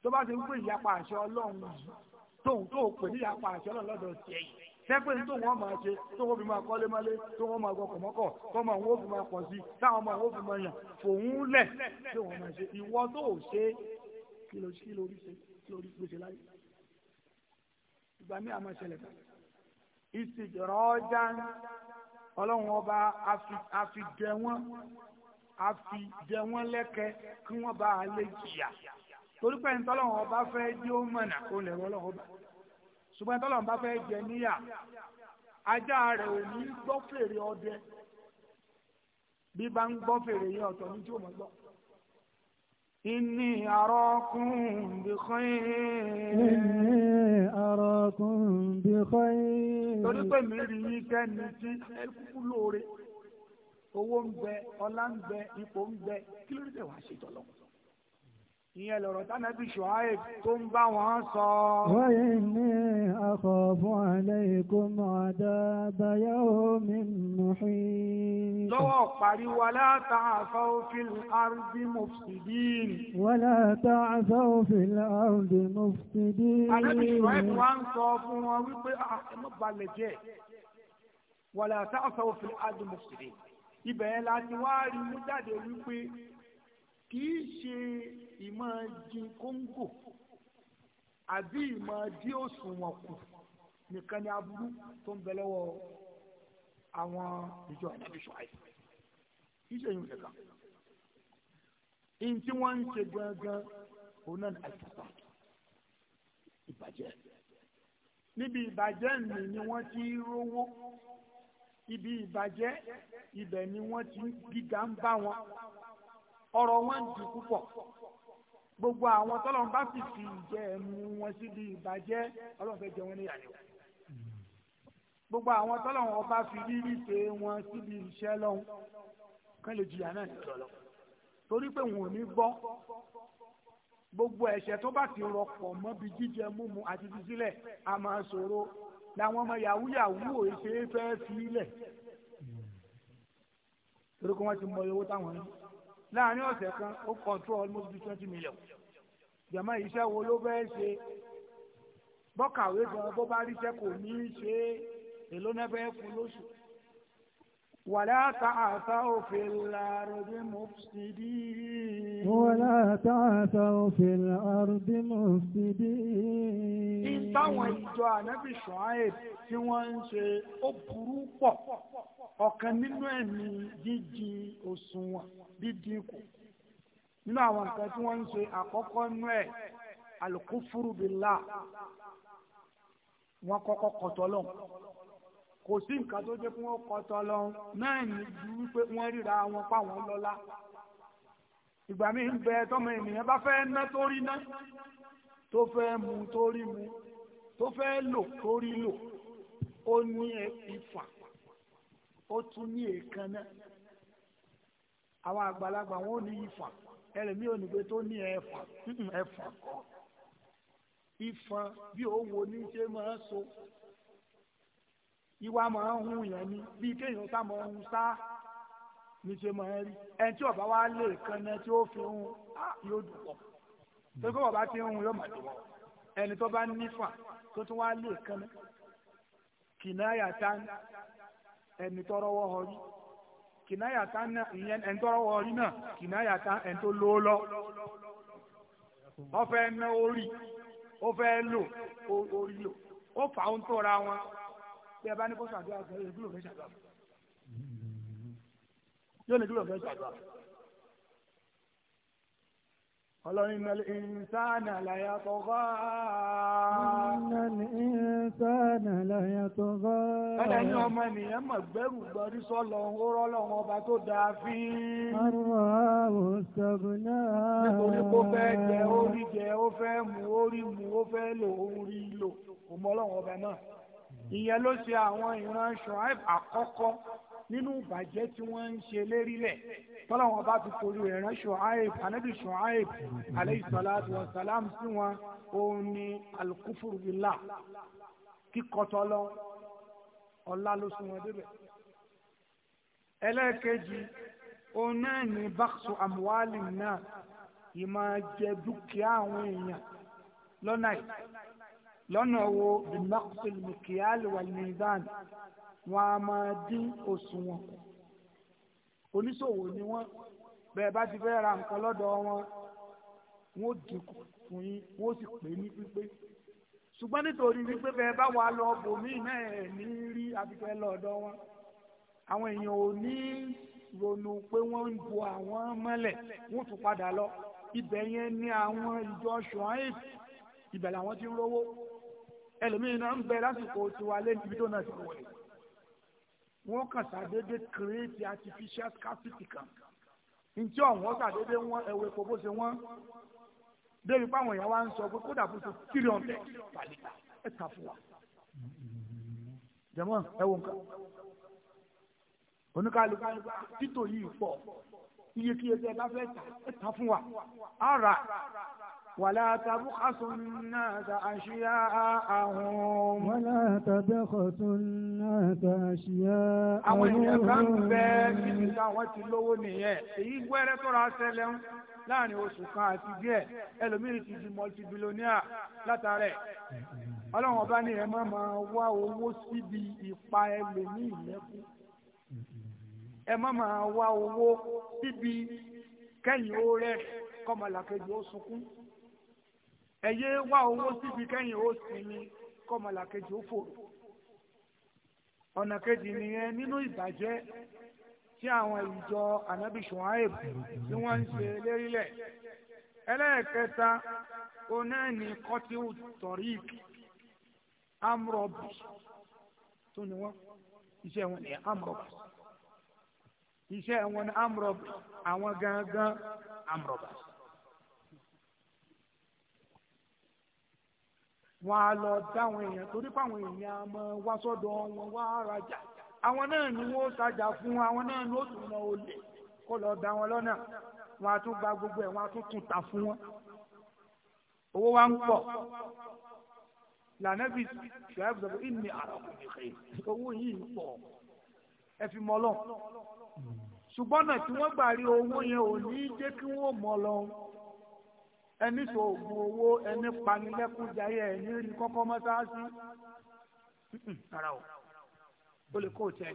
tó bá ti ń pè ìyapa àṣẹ ọlọ́run yìí tóun tó pè ní ìyapa àṣẹ ọlọ́run lọ́dọ̀ tiẹ̀ yìí sẹ́pẹ́ tó wọ́n máa ṣe tó wọ́n máa kọ́lé mọ́lé tó wọ́n máa gbọ́kọ̀ mọ́kọ̀ tó máa wọ́n fi máa pọ̀ sí táwọn máa wọ́n fi máa yàn fòun lẹ̀ tó wọ́n máa ṣe ìwọ tó ò ṣe kí ló kí lórí ṣe kí lórí gbèsè láyé. ìgbà mi àmọ́ ṣẹlẹ̀ ká ìsìnkìrọ̀ ọjà ọlọ́run ọba àfijẹ wọn àfijẹ wọn lẹ́kẹ́ kí wọ́n bá a lè jìyà torí pé ntọ́lọ́wọ́n ọba fẹ́ di ó mọ̀nà kó lè rọ́ lọ́wọ́ bá ṣùgbọ́n ntọ́lọ́wọ́n bá fẹ́ jẹ níyà ajá rẹ̀ ò ní gbọ́ fèrè ọdẹ bí bá ń gbọ́ fèrè yẹn ọ̀tọ̀ ní tí ó mọ̀ gbọ́. Inni arakum bi Inni arakum bi khayr. Torí pé mi rí yín kẹ́ni tí ẹ kúkú lóore. Owó ń bẹ, ọlá ń bẹ, ipò ń bẹ, kí ló dé wàá ṣètò ọlọ́run? ìyẹn lọ̀rọ̀ tánàbí ṣùháì tó ń bá wọn sọ. wa inni akhafu alaykum adaba yawmin muhin. lọ́wọ́ parí wala ta'afaw fil ardi mufsidin. wala ta'afaw fil ardi mufsidin. ànábì ṣùháì wá ń sọ fún wọn ah, kìí ṣe ìmọ̀ jin kóńgò àbí ìmọ̀ dí òṣùwọ̀n kù nìkan ni aburú tó ń bẹ lọ́wọ́ àwọn ìjọ àdàbíṣọ àìsàn kìí ṣe ìyún nìkan ìyìn wọ́n ń ṣe gangan òun náà àìsàpá ìbàjẹ́ níbi ìbàjẹ́ nì ni wọ́n ti rówó ibi ìbàjẹ́ ibẹ̀ ni wọ́n ti gíga ń bá wọn ọ̀rọ̀ wọn di púpọ̀ gbogbo àwọn tọ́lọ́run bá sì fi ìjẹ ẹ̀mú wọn síbi ìbàjẹ́ ọlọ́run fẹ́ jẹ wọn níyà ni wọn gbogbo àwọn tọ́lọ́run ọba fi rírí ṣe wọn síbi iṣẹ́ lọ́hùn kán lè jìyà náà nìjọ lọ torí pé wọn ò ní gbọ́ gbogbo ẹ̀ṣẹ̀ tó bá ti rọpò mọ́bi jíjẹ múmu àti sísílẹ̀ a máa ṣòro làwọn ọmọ yahoo yahoo ò ṣe é fẹ́ fi ilẹ̀ torí pé wọ́n ti mọ owó táwọn ń láàrin ọ̀sẹ̀ kan ó control almost bí twenty million jàmá iṣẹ́ wo ló fẹ́ ṣe bọ́kàwé gan bó bá ríṣẹ́ kò ní í ṣe èló náà fẹ́ lóṣù. ولا تعثوا في الأرض مفسدين ولا تعثوا في الأرض مفسدين. Ìtàwọn ìjọ ànábì Ṣùáìb tí wọ́n ń ṣe ọ̀kan nínú ẹ̀mí jíjí òṣùwọ̀n dídínkù nínú àwọn nǹkan tí wọ́n ń ṣe àkọ́kọ́ nú ẹ̀ alukufuru billah wọ́n kọ́kọ́ kọ̀tọ́ lọ́n kò sí nǹkan tó jẹ́ kí wọ́n kọ̀tọ́ lọ́n náà ní ju wípé wọ́n ríra wọn páwọn lọ́lá ìgbà mi ń bẹ tọmọ ènìyàn bá fẹ́ ná torí ná tó fẹ́ mu torí mu tó fẹ́ lò torí lò ó ní ìfà ó tún ní èékánná àwọn àgbàlagbà wọn ò ní ìfà ẹlẹ́mìí ò ní pé tó ní ẹ̀fà hmm, ẹ̀fà kọ́ ìfọn bí owó ní ṣe máa so ìwà máa ń hun yẹn ni bí kéèyàn sá máa ń hun sá ní ṣe máa rí ẹni tí ọba wa lè kan náà tí ó fi hun yóò dùn tó kí ọba ti ń hun yóò máa dùn ẹni tó bá nífà tó tún wá lè kan náà kìnnáyà tán ẹni tọrọwọ ọrí kìnnáyàtà ìyẹn ẹni tọrọwọ ọrí náà kìnnáyàtà ẹni tó lówó lọ ọfẹ ná orí ọfẹ lò orí lò ó fà ń tóra wọn bí ẹ bá ní kó ṣàdúrà gbẹ yóò lè dúró fẹ ṣàdúrà yóò lè dúró fẹ ṣàdúrà ọlọ́rin mẹ́lẹ̀ ìsáànà láyàtọ̀ bá ẹni ọmọ ènìyàn mọ̀ gbẹ́rù gbọ́rí sọ́lọ oró ọlọ́run ọba tó dáa fi nítorí kó fẹ́ jẹ ó rí jẹ ó fẹ́ mu ó rí mu ó fẹ́ lò ó rí lò kò ọlọ́run ọba náà ìyẹn ló ṣe àwọn ìran àkọ́kọ́ nínú ìbàjẹ́ tí wọ́n ń ṣe lérílẹ̀ tọ́lọ́wọ́n bá ti forí ẹ̀rán ṣùháìb anábì ṣùháìb alayhi salatu wa salam sí wọn òun ni alukufuru billah kíkọ́tọ́lọ́ ọ̀la ló sún wọn débẹ̀. ẹlẹ́ẹ̀kejì òun náà ní báksù àmúwálì náà ìmọ̀ jẹ dúkìá àwọn èèyàn lọ́nà yìí lọ́nà wo bí báksù mìkíyàlì wal mizan wọn a máa dín òṣùwọ̀n oníṣòwò ni wọ́n bẹ́ẹ̀ bá ti fẹ́ ra nǹkan lọ́dọ̀ wọn wọ́n dínkù fún yín wọ́n sì pè ní pípé ṣùgbọ́n nítorí wípé bẹ́ẹ̀ bá wà lọ bòmíì náà ẹ̀ ní rí afẹ́fẹ́ lọ́dọ̀ wọn àwọn èèyàn ò ní ronú pé wọ́n ń bo àwọn mọ́lẹ̀ wọ́n tún padà lọ ibẹ̀ yẹn ní àwọn ìjọ ṣùáì ibẹ̀ làwọn ti ń rówó ẹlòmíín ń bẹ lásìkò tiwa lẹ́nu ibi tó náà ti wọlé wọ́n kàn sàdédé create artificial scarcity kan ntí ọ̀wọ́n sàdédé wọn ẹ̀wẹ̀ kò bó ṣe wọ́n débi pé àwọn èèyàn wa ń sọ pé kódà bó ṣe three hundred pàlíkà ẹ̀ kà fún wa. jẹ̀mọ́ ẹ wo nǹkan oníkàlùkù títò yìí pọ̀ iyekíyekí ẹ̀ láfẹ́ ta ẹ̀ kà fún wa. ara ولا تبخسوا الناس أشياءهم ولا تبخسوا الناس أشياءهم àwọn èèyàn kan ń bẹ níbi táwọn ti lówó nìyẹn èyí wẹ́rẹ́ tọ́ra ṣẹlẹ̀ ń láàrin oṣù kan àti díẹ̀ ẹlòmíràn ti di multibillionaire látàrẹ̀ ọlọ́run ọba ní ẹ̀ máa máa wá owó síbi ìpa ẹlòmíì lẹ́kùn ẹ má máa wá owó síbi kẹ́yìn ó rẹ̀ kọ́mọlàkejì ó sunkún ẹ̀yẹ wá owó síbi kẹ́yìn ó sinmi kọ́mọlà kejì ó fò ọ̀nà kejì nìyẹn nínú ìbàjẹ́ tí àwọn ìjọ ànábì Ṣuaib tí wọ́n ń ṣe lérílẹ̀ ẹlẹ́ẹ̀kẹta onáàní kọ́tíwù tọ̀rík amrọ̀bù tó ni wọ́n iṣẹ́ wọn ni amrọ̀bù iṣẹ́ wọn ni amrọ̀bù àwọn gangan amrọ̀bù. wọn á lọ dá àwọn èèyàn torí páwọn èèyàn mọ wá sọ́dọ̀ wọn wá rajà àwọn náà ni wọn ó tajà fún àwọn náà ni ó tún lọ olè kó lọ dá wọn lọ́nà wọn á tún gba gbogbo ẹ̀ wọn á tún tún ta fún wọn owó wa ń pọ̀ lànàbí ṣùgbọ́n sọ pé ìní àràkùnrin kẹ́ owó yìí ń pọ̀ ẹ fi mọ́ lọ ṣùgbọ́n náà tí wọ́n gbà rí owó yẹn ò ní jẹ́ kí wọ́n mọ́ lọ́wọ́ ẹni ṣòògùn owó ẹni panilẹ́kùnjayé ẹni rí kọ́kọ́ mọ́sáàsì rárá o ó lè kọ́ òtẹ́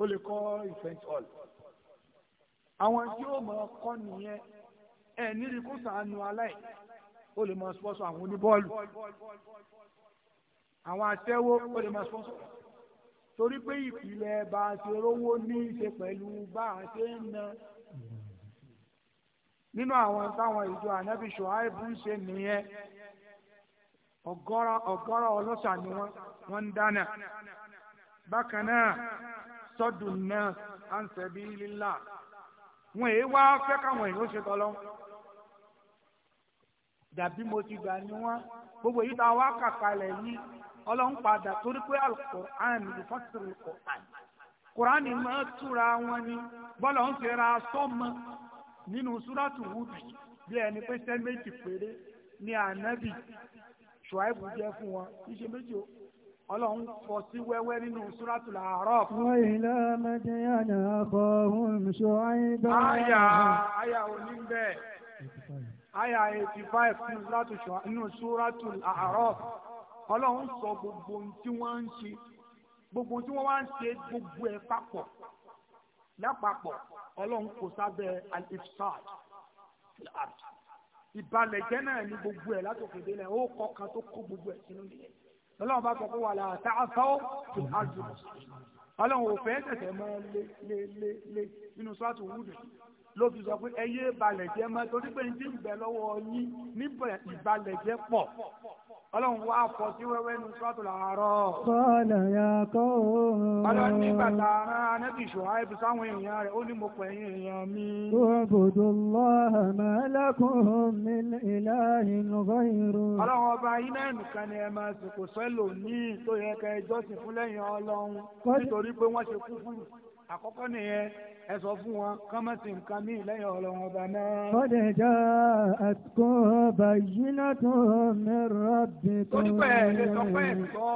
ó lè kọ́ event hall àwọn tí ó mọ̀ ọkọ́ nìyẹn ẹni rí kó sàánú aláì ó lè mọ sponsor àwọn oníbọ́ọ̀lù àwọn aṣẹ́wó ó lè mọ sponsor torí pé ìpìlẹ̀ bá a ṣe rówó ní í ṣe pẹ̀lú bá a ṣe ń na nínú àwọn táwọn ìjọ ànábì ṣùháìbù ń ṣe nìyẹn ọ̀gọ́rọ̀ ọ̀gọ́rọ̀ ọlọ́ṣà ni wọ́n wọ́n ń dáná bákan náà sọ́dù náà à ń ṣẹ̀bi lílà wọn èyí wá fẹ́ káwọn èèyàn ṣe dàbí mo ti wọn gbogbo èyí tá a wá kà kalẹ̀ yìí ọlọ́run padà torí pé alukur'an ni fásitì alukur'an ni máa túra wọn ni bọ́lá ń ṣe ra sọ́mọ nínú súrátù wúdù bí ẹni pé sẹ́ méjì péré ní ànábì ṣùáìbù jẹ́ fún wọn iṣẹ́ méjì ọlọ́run fọ́ sí wẹ́wẹ́ nínú súrátù A'raf. wọ́n ilé mẹ́tẹ́yàna kọ́ ohun ṣùáìbù. àyà àyà òní bẹ́ẹ̀ àyà eighty nínú súrátù A'raf ọlọ́run sọ gbogbo tí wọ́n ń ṣe gbogbo tí wọ́n wá ń ṣe gbogbo ẹ̀ papọ̀ lápapọ̀ ọlọ́run kò sábẹ́ al-ifsad ìbalẹ̀ jẹ́ náà ní gbogbo ẹ̀ látòkè délẹ̀ ó kọ́ kan tó kó gbogbo ẹ̀ sínú nìyẹn ọlọ́run bá sọ pé wà láà tá a fọ́ tó a ọlọ́run ò fẹ́ tẹ̀tẹ̀ mọ́ lé lé lé nínú sọ́ọ̀tù wúdù ló fi sọ pé ẹyẹ balẹ̀ jẹ́ mọ́ torí pé ní ti lọ́wọ́ yín níbẹ̀ ìbalẹ̀ jẹ́ pọ̀ ọlọ́run wá fọ sí wẹ́wẹ́ nu sọ́tò làárọ̀. kọ́lá ya kọ́ òun. ọlọ́run nígbà tá a rán anẹ́bí ṣùháìb sáwọn èèyàn rẹ̀ ó ní mo pẹ̀ yín èèyàn mi. u'budu Allaha ma lakum min ilahin ghayru. ọlọ́run ọba iná ẹnìkan ni ẹ máa sìnkú sẹ́lò ní tó yẹ ká ọlọ́run nítorí pé wọ́n ṣe kú fún àkọ́kọ́ nìyẹn ẹ sọ fún wọn kọ́mọ́sì nǹkan ní ìlẹ́yìn ọlọ́run ọba náà. kọ́dẹ̀ já àtúkọ́ ọba yìí látọ̀ mẹ́rọ bí kò. onípa ẹ̀ lè sọ pé ẹ̀kọ́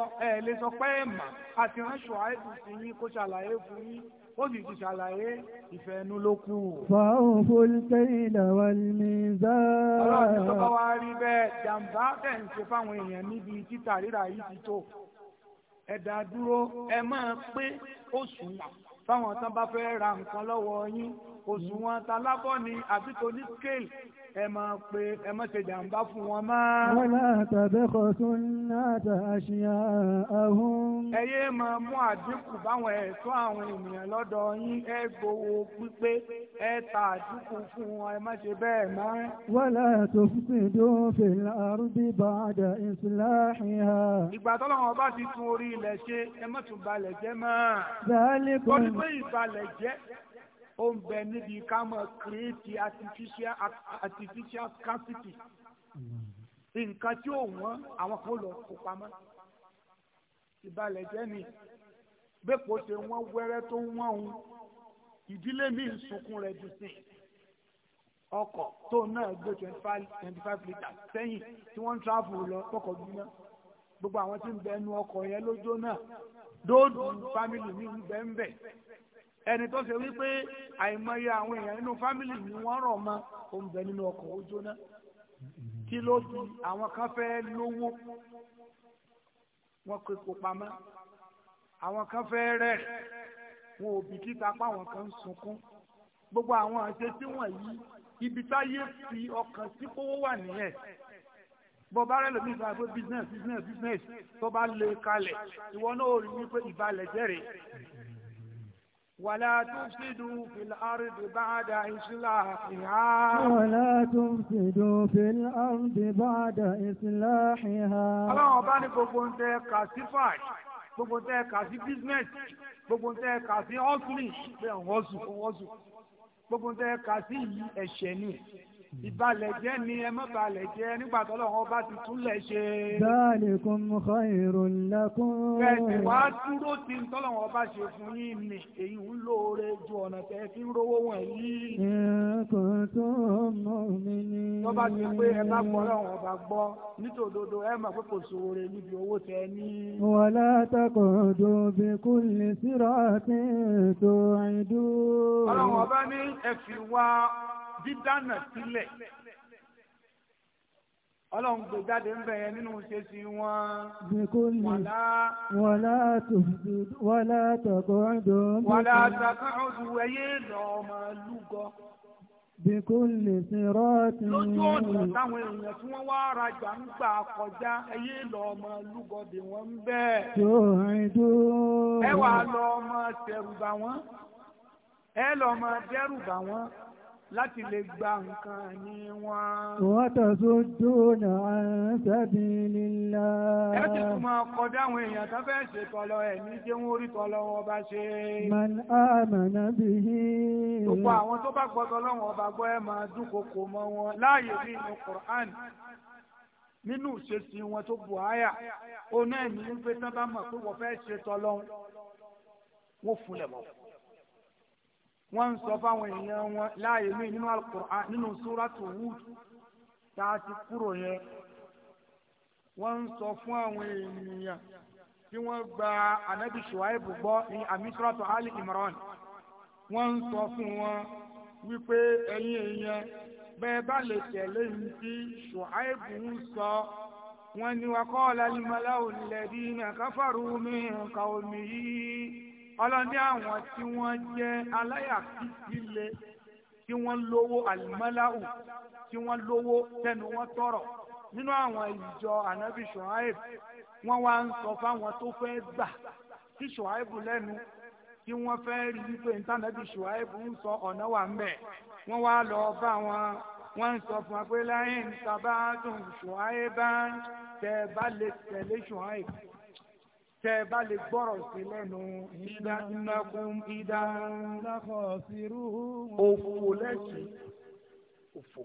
lè sọ ẹ̀mà àti ránṣọ àìsùn yín kó ṣàlàyé fún yín ó sì ti ṣàlàyé ìfẹ́ ẹnu ló kù. fàáhùn fólítẹ́ ìdàwà ní záà. ọlọ́run tó bá wá rí bẹ́ẹ̀ jàǹbá tẹ̀ ń ṣe fáwọn fáwọn tán bá fẹ́ ra nǹkan lọ́wọ́ yín òṣùwọ̀n talábọ́ ni àbí toní scale ẹ máa pé ẹ má ṣe jàǹbá fún wọn máa. wọ́n látàbẹ́kọ̀ tó ń láta àṣìyà ahun. ẹ máa mú àdínkù báwọn ẹ̀tọ́ àwọn ènìyàn lọ́dọ̀ yín ẹ gbowó pípé ẹ ta àdínkù fún wọn ẹ má ṣe bẹ́ẹ̀ mọ́. wọ́n látò fún ìdófin àrùbí bàdà ìsìláhìá. ìgbà tó lọ́wọ́ bá ti tún orí ilẹ̀ ṣe ẹ má tún balẹ̀ jẹ́ máa. bẹ́ẹ̀ ni kò ní. kò ní pé ìbalẹ̀ jẹ́ ó ń bẹ níbi ká mọ̀ kírètì artificial artificial scarcity nǹkan tí ò wọ́n àwọn kan lọ kó pamọ́ ìbalẹ̀ jẹ́ ni bẹ́ẹ̀ kò ṣe wọ́n wẹ́rẹ́ tó wọ́n òun ìdílé mi ń sunkún rẹ̀ jù sí ọkọ̀ tó náà gbé twenty five twenty five litres sẹ́yìn tí wọ́n ń travel lọ tọkọ̀ gbígbá gbogbo àwọn tí ń bẹ ẹnu ọkọ̀ yẹn lójó náà dóòdù fámìlì mi ń bẹ ń bẹ ẹni tó ṣe wípé àìmọye àwọn èèyàn nínú fámìlì ni wọ́n rọ̀ mọ́ ó ń bẹ nínú ọkọ̀ ó jóná kí ló di àwọn kan fẹ́ lówó wọ́n kó epo pamọ́ àwọn kan fẹ́ rẹ̀ wọn ò bìkítà páwọn kan ń sunkún gbogbo àwọn àṣetí wọ̀nyí ibi táyé fi ọkàn tí kówó wà nìyẹn bọba rẹ lómi sọ pé business business business tó bá lè kalẹ̀ ìwọ náà ò rí wípé ìbalẹ̀ jẹ́rìí ولا تفسدوا في الأرض بعد إصلاحها ولا تفسدوا في الأرض بعد إصلاحها ọlọ́run ọba ní gbogbo ń tẹ kà sí fàáj gbogbo ń tẹ kà sí bísínẹ́sì gbogbo ń tẹ kà sí ọ́sùlì bẹ́ẹ̀ ń wọ́sù ń wọ́sù gbogbo ń tẹ kà sí ẹ̀ṣẹ̀ ni Hmm. ìbalẹ̀jẹ́ ni ẹ má balẹ̀jẹ́ nígbà tó lọ́wọ́ bá ti túnlẹ̀ ṣe. Dhalikum khairun lakum. Bẹ́ẹ̀ni wá dúró tí ń tọ́lọ̀wọ́ bá ṣe fún yín ni èyí ń lóore ju ọ̀nà tẹ́ fi ń rówó wọ̀n yìí. Ẹ̀kọ́ tó mọ̀ mí ni. Tó bá ti pé ẹ bá gbọ́ lọ́wọ́ bá gbọ́ nítòdodo ẹ mọ̀ pé kò sóore níbi owó tẹ ní. Wala taqudu bi kulli siratin dídánà sílẹ̀ ọlọ́run gbé jáde ń bẹ̀yẹn nínú ṣe sí wọn wàlá wàlá tọ̀gọ́dọ̀ wàlá tọ̀gọ́dọ̀ ẹyẹ lọ ọmọ lúgọ Bíkúnlè sí rọ́ọ̀tì lójú ọ̀nà táwọn èèyàn tí wọ́n wá rajà ń gbà kọjá ẹyẹ lọ ọmọ lúgọdì wọn ń bẹ́ẹ̀. Tó àìdó. Ẹ wà lọ ọmọ tẹrùbà wọn. Ẹ lọ ọmọ dẹrùbà wọn láti lè gba nǹkan ní wọn. Wọ́n tàṣó dóònà àṣẹ́bí lílá. Ẹ ti tún máa kọjá àwọn èèyàn tó fẹ́ ṣe tọlọ ẹ̀ ní jẹ́ wọ́n orí tọlọ ọba ṣe. Man amana bihi. Gbogbo àwọn tó bá gbọ́ tọlọ́wọ́n ọba gbọ́ ẹ máa dúnkokò mọ́ wọn láàyè ní inú Kùrán nínú ìṣesí wọn tó bù áyà. Oná ẹ̀mí ń pé tán bá mọ̀ pé wọ́n fẹ́ ṣe tọlọ́wọ́n. Wọ́n fúnlẹ̀ mọ́ wọ́n ń sọ fáwọn èèyàn wọn láàyè mí nínú alukur'an nínú suratu Hud tá a ti kúrò yẹn wọ́n ń sọ fún àwọn ènìyàn tí wọ́n gba anabi shuaibu gbọ́ ní amisuratu ali imran wọ́n sọ fún wọn wípé ẹ̀yin èèyàn bẹ́ẹ̀ bá lè tẹ̀lé ní shuaibu ń sọ wọ́n ní waqala al mala'u alladhina kafaru min qawmihi ọlọ́ni àwọn tí wọ́n jẹ́ aláyàfíìsílé tí wọ́n lówó alimọ́láhù tí wọ́n lówó tẹnu wọn tọrọ nínú àwọn ìjọ anabi shuaib wọ́n wá ń sọ fáwọn tó fẹ́ gbà tí shuaib lẹ́nu tí wọ́n fẹ́ rí wípé ntànàbí shuaib ń sọ ọ̀nà wà ń bẹ̀ wọ́n wá lọ bá wọn wọ́n ń sọ fún wa pé láyé ń sábà dùn shuaib bá ń tẹ̀ bá lè tẹ̀lé shuaib tẹ ẹ bá lè gbọ́rọ̀ sí lẹ́nu ìdá nnakun ìdá nnakọ̀ sírú òfò lẹ́sìn òfò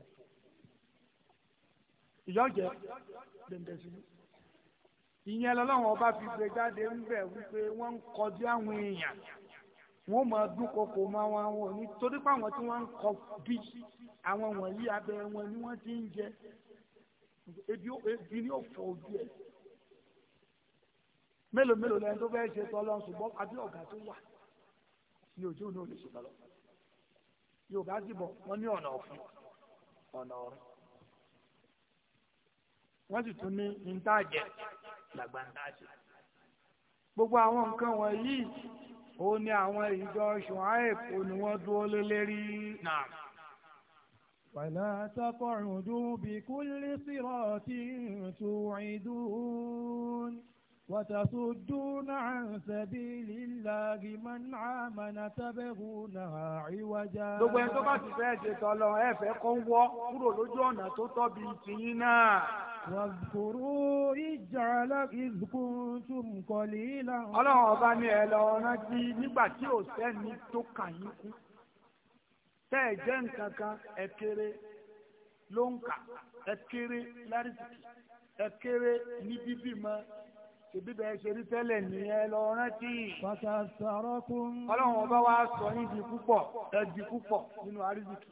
ìyọ́jẹ́ dẹ̀ndẹ̀sí ìyẹn lọ́lọ́run ọba fi gbé jáde ńbẹ̀ wípé wọ́n ń kọjú àwọn èèyàn wọ́n máa dúnkokò mọ́ wọn wọn ní torí pé àwọn tí wọ́n ń kọ bí àwọn wọ̀nyí abẹ́ wọn ni wọ́n ti ń jẹ ebi ni ó fọ ojú ẹ̀ mélòó mélòó lẹ́yìn tó fẹ́ ṣe tọ́lọ́ ṣùgbọ́n àbí ọ̀gá tó wà ní ojú ní olè ṣùgbọ́n yorùbá dìbò wọ́n ní ọ̀nà ọ̀fun ọ̀nà ọ̀run wọ́n sì tún ní ntaajẹ làgbà ntaajẹ gbogbo àwọn nǹkan wọ̀nyí ó ní àwọn ìjọ ṣùháìp ó ní wọ́n dúró lé lérí náà. ولا تقعدوا بكل صراط توعدون وتصدون عن سبيل الله من آمن تبغونها عوجا. gbogbo ẹni tó bá ti fẹ́ ṣe tọ́lọ ẹ fẹ́ kó wọ́ kúrò lójú ọ̀nà tó كنتم قليلا. ọlọ́run ọba ni ẹ lọ rántí nígbà tí ò sẹ́ni tó kà yín kú. tẹ́ ẹ jẹ́ nǹkan kan ṣèbí bẹ́ẹ̀ ṣe rí tẹ́lẹ̀ nìyẹn lọ rántí. bàtà sàrọ́kùn. ọlọ́run ọba wa sọ yín di púpọ̀ ẹ di púpọ̀ nínú àrísìkí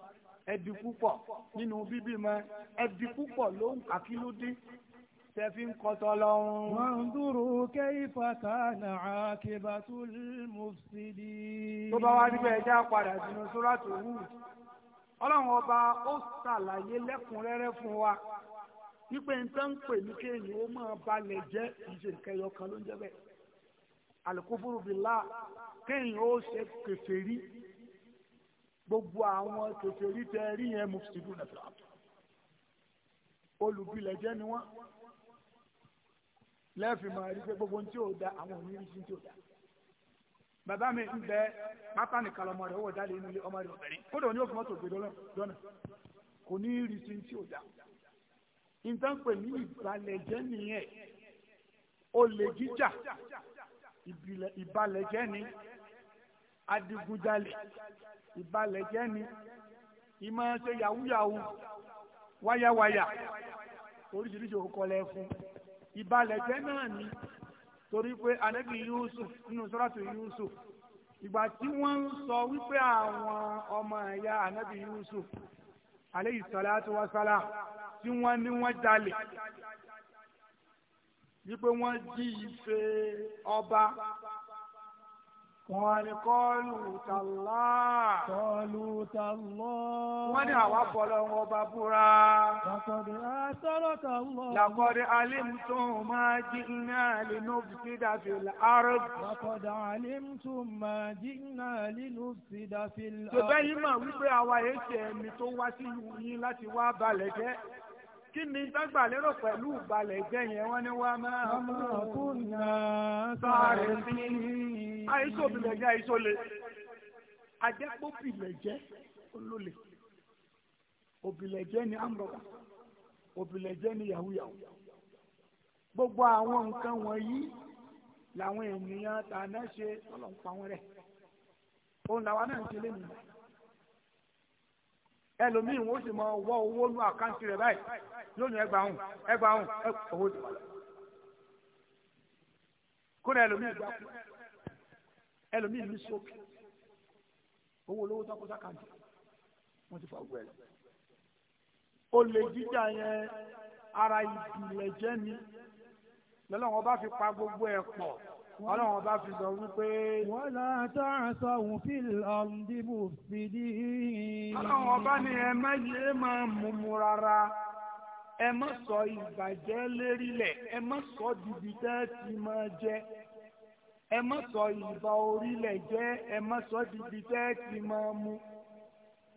ẹ di púpọ̀ nínú bíbí mọ ẹ di púpọ̀ ló ń kà kí ló dé tẹ fi ń kọtọ lọ́run. wọ́n dúró kayfa kana aqibatul mufsidin. tó bá wá níbẹ̀ ẹja padà sínú sóràtò wù. ọlọ́run ọba ó ṣàlàyé lẹ́kùnrẹ́rẹ́ fún wa wípé nǹkan ń pè ní kéèyàn ó máa balẹ̀ jẹ́ ìṣe nǹkan ẹyọ kan ló ń jẹ́ bẹ́ẹ̀ alukófóró bìlá kéèyàn ó ṣe kèfèrí gbogbo àwọn kèfèrí tẹ rí yẹn mufsidun nàfẹ́ olùbílẹ̀ jẹ́ ni wọ́n lẹ́ẹ̀fì máa rí pé gbogbo ohun tí ò da àwọn òní rí tí ò da bàbá mi ń bẹ pápá nìkan ọmọ rẹ̀ wọ̀ jáde nínú ọmọ rẹ̀ obìnrin kódà òní òfin mọ́tò gbé lọ́nà kò ní rí tí ò da ìtànpẹ̀ ní ìbalẹ̀jẹ́ nìyẹn olè jíjà ìbalẹ̀jẹ́ ni adigunjalè ìbalẹ̀jẹ́ ni ìmọ̀ọ́sẹ̀ yàwúyàwú wáyáwáyà oríṣiríṣi òkọlẹ̀ fún ìbalẹ̀jẹ́ náà ni torí pé anabi Yusuf nínú sọ́ràtù Yusuf ìgbà tí wọ́n ń sọ wípé àwọn ọmọ ẹ̀yà anabi Yusuf aleyhi salatu wa salam tí wọ́n ní wọ́n jalè wípé wọ́n jí ife ọba wọ́n ní kọ́ọ̀lù tàlá. kọ́ọ̀lù tàlá. wọ́n ní àwa bọ̀lọ̀ wọn bá búra. làkọ̀dé àtọ́rọ̀ tàlá. làkọ̀dé alimtum máa jí iná lẹ́nu sídàfì àrùn. làkọ̀dé alimtum máa jí iná lẹ́nu sídàfì àrùn. ṣùgbọ́n yìí mà wípé àwa yẹn ṣe ẹ̀mí tó wá sí yìí láti wá balẹ̀ jẹ́. kí ni dágbà lérò pẹ̀lú ìbalẹ̀ jẹ́ wọ́n ní wá máa mú sáré sí i. jẹ́ jẹ́ olólè jẹ́ ni amrọ̀bà jẹ́ ni yahoo gbogbo àwọn nǹkan wọ̀nyí làwọn ènìyàn tàná ṣe ọlọ́run wọn rẹ̀ òun làwọn náà ń ṣe ẹlòmíì wọn ó sì máa wọ owó nú àkáǹtì rẹ báyìí lónìí ẹgbàáhùn ẹgbàáhùn owó ti wàlẹ̀ kó lẹ ẹlòmíì gbà kú ẹlòmíì ní sókè owó olówó tó kó sákàǹtì wọn ti fà gbọ ẹ lọ. olè jíjà yẹn ara ìbílẹ̀ jẹ́ ni lọ́lọ́wọ́n bá fi pa gbogbo ẹ̀ pọ̀ ọlọ́run bá fi sọ wípé. wọ́lá tá a sọ òun fi ọ̀ǹdí bò sí i. ọlọ́run ọba ni ẹ má yé máa mumu rárá ẹ má sọ ìbàjẹ́ lérílẹ̀ ẹ má sọ dìbì tẹ́ ti máa jẹ ẹ má sọ ìbà orílẹ̀ jẹ́ ẹ má sọ dìbì tẹ́ ti máa mu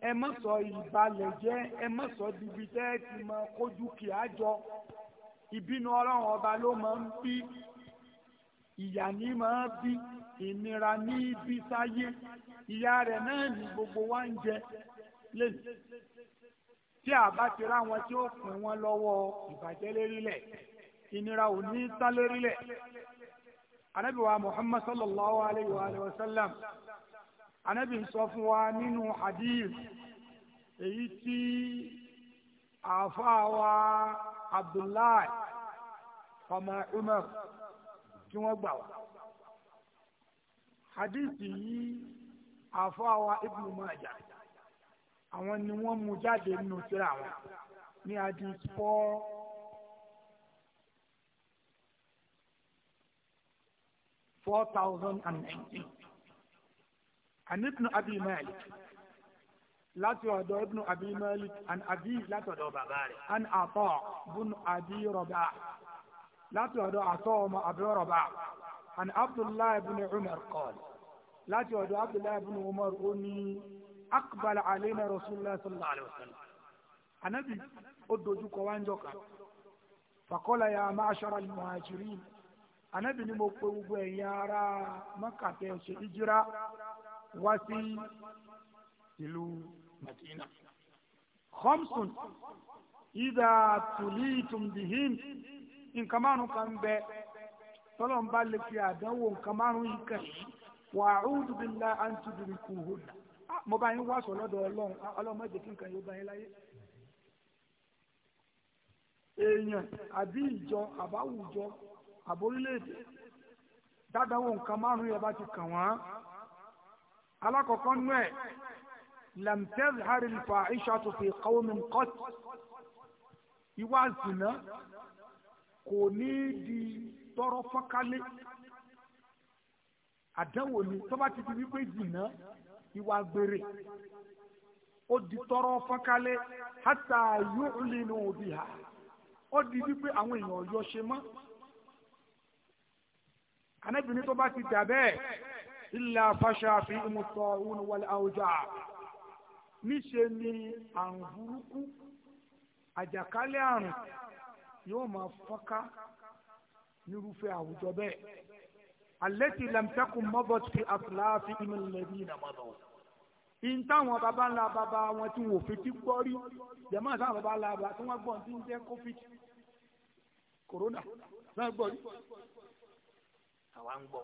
ẹ má sọ ìbalẹ̀ jẹ́ ẹ má sọ dìbì tẹ́ ti máa kójú kìá jọ ìbínú ọlọ́run ọba ló máa ń bí ìyà ní máa bí ìnira ní bí sáyé ìyà rẹ̀ náà ní gbogbo wa ń jẹ lẹ́nu tí a bá ti rá wọn tí ó pín wọn lọ́wọ́ ìbàjẹ́ lérílẹ̀ ìnira ò ní tán lérílẹ̀ anabi wa muhammad sallallahu alayhi wa sallam anabi sọ fún wa nínú hadith èyí tí àfa wa abdullahi ọmọ umar tí wọ́n gbà wá. hadithi yìí àfọwà ibnu maja àwọn ni wọ́n mú jáde nínú tírà wọn ní hadith four. four thousand and nineteen عن ابن أبي مالك láti ọ̀dọ̀ ibnu abi malik and abi láti ọ̀dọ̀ bàbá rẹ̀ an àtọ̀ bùn abi rọ̀bà láti ọ̀dọ̀ àtọ́ ọmọ abẹ́rọ̀bà àni abdullahi ibn umar qala láti ọ̀dọ̀ abdullahi ibn umar ó ní akbala alayna rasulullah sallallahu alayhi wa sallam anabi ó dojú kọ wáńjọ kan faqala ya ma'ashara al-muhajirin anabi ni mo pe gbogbo ẹ̀yin ará maka tẹ̀ ṣe ìjírá wá sí ìlú madina khamsun idha tulitum bihin nǹkan márùn kan bẹ tọ́lọ̀ ń bá lè fi àdánwò nǹkan márùn yìí kàn yìí wà á rúdù bí ńlá à ń tún dùn kù hù nà mo bá yín wá sọ lọ́dọ̀ ọlọ́run ah, ọlọ́run má jẹ́ kí nǹkan yóò bá yín láyé. èèyàn àbí ìjọ àbáwùjọ àbórílẹ̀ dáadáwò nǹkan márùn yẹn bá ti kàn wọ́n. alákọ̀ọ́kọ́ nú ẹ̀ làmtẹ́rì harry fa aisha tó fi qawmin qat ìwà zìnnà kò ní di tọrọ fọ́kálé àdánwò ni tó bá ti di wípé zìnà ìwà gbèrè ó di tọrọ fọ́nkálé hátà yóò lè nu òbí ha ó di wípé àwọn èèyàn yọ ṣe mọ́. anábìnrin tó ti dà bẹ́ẹ̀ ilà fàṣàfi ìmùtọ̀ òun wàlẹ̀ àwùjọ níṣe ni àrùn burúkú àjàkálẹ̀ àrùn yóò máa fọ́ká nírúfẹ́ àwùjọ bẹ́ẹ̀ alẹ́tì lẹ́mtẹ́kùn mọ́bọ̀ ti àfúláàfí ìmọ̀lẹ́bí ìnàmọ́bọ̀ in táwọn baba ńlá baba wọn tí wò fi ti gbọ́ rí jẹ̀mọ́ àtàwọn baba ńlá baba tí wọ́n gbọ́n tí ń jẹ́ covid corona náà gbọ́ rí àwa ń gbọ́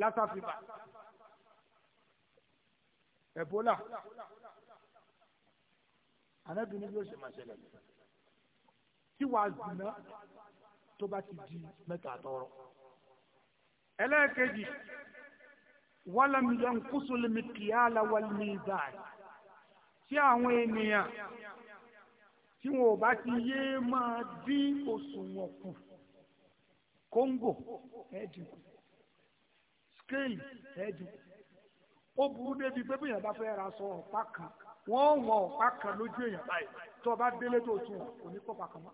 lassa fever ebola anabi ni bí ó ṣe máa ṣẹlẹ̀ yìí tí wàá zìnà tó bá ti di mẹ́ta tọrọ. ẹlẹ́ẹ̀kejì wàlámìyàn kùsùlùmí kìyàlá wàlmìzàn tí àwọn ènìyàn tí wọn ò bá ti yé máa dín òṣùwọ̀n kù kóńgò ẹ̀ẹ́dínkù scale ẹ̀ẹ́dínkù ó burú débi pé bí èèyàn bá fẹ́ ra sọ ọ̀pá kan wọ́n wọ ọ̀pá kan lójú èèyàn báyìí tó o bá délé tó o tún wọn kò ní kó pa kàmá.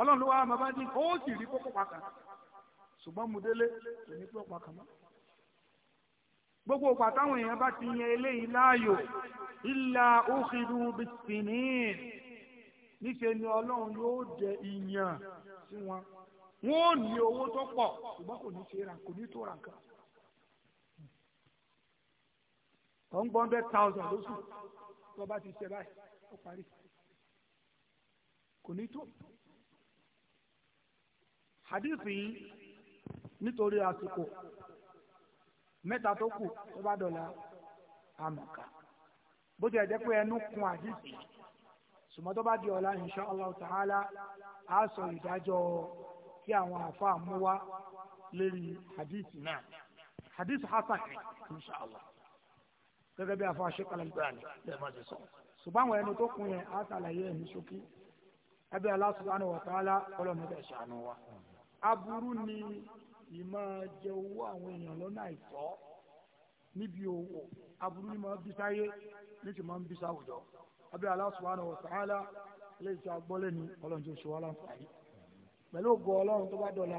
ọlọ́run ló wá máa bá ní ó sì rí kó pa kàmá ṣùgbọ́n mo délé kò ní kó pa kàmá. gbogbo òpà táwọn èèyàn bá ti yan eléyìí láàyò ìlà òkìlú bìtìní níṣẹ́ ni ọlọ́run yóò jẹ ìyàn sí wọn wọn ò ní owó tó pọ̀ ṣùgbọ́n kò ní ṣe ra kò ní tó ra nǹkan. tó ń gbọ́ hundred thousand lóṣù tó bá ti ṣe báyìí ó parí kò ní tó hadithi yìí nítorí àsìkò mẹ́ta tó kù tó bá dọ̀la àmọ̀ká bó ti ẹ̀jẹ̀ pé ẹnu kun hadithi sùmọ́ tó bá di ọ̀la insha Allah ta'ala á sọ ìdájọ́ kí àwọn àfa mú wá lórí hadithi náà hadith hasan insha Allah. gẹ́gẹ́ bí afọ aṣẹ́kọ̀ọ́ nàìjíríà ni bẹ́ẹ̀ bá ti sọ. ṣùgbọ́n àwọn ẹni tó kún yẹn á ṣàlàyé ẹ̀ ṣókí ẹbí Allah subhanahu wa ta'ala ọlọ́mọdé ṣàánú wa. aburú ni ìmọ̀ jẹ owó àwọn èèyàn lọ́nà àìtọ́ níbi owó aburú ni máa ń bisáyé ní ti máa ń bisá àwùjọ ẹbí Allah subhanahu wa ta'ala lẹ́yìn tí a gbọ́ lẹ́nu ọlọ́run tó ṣe wá láǹfààní pẹ̀lú ògo ọlọ́run tó bá dọ̀la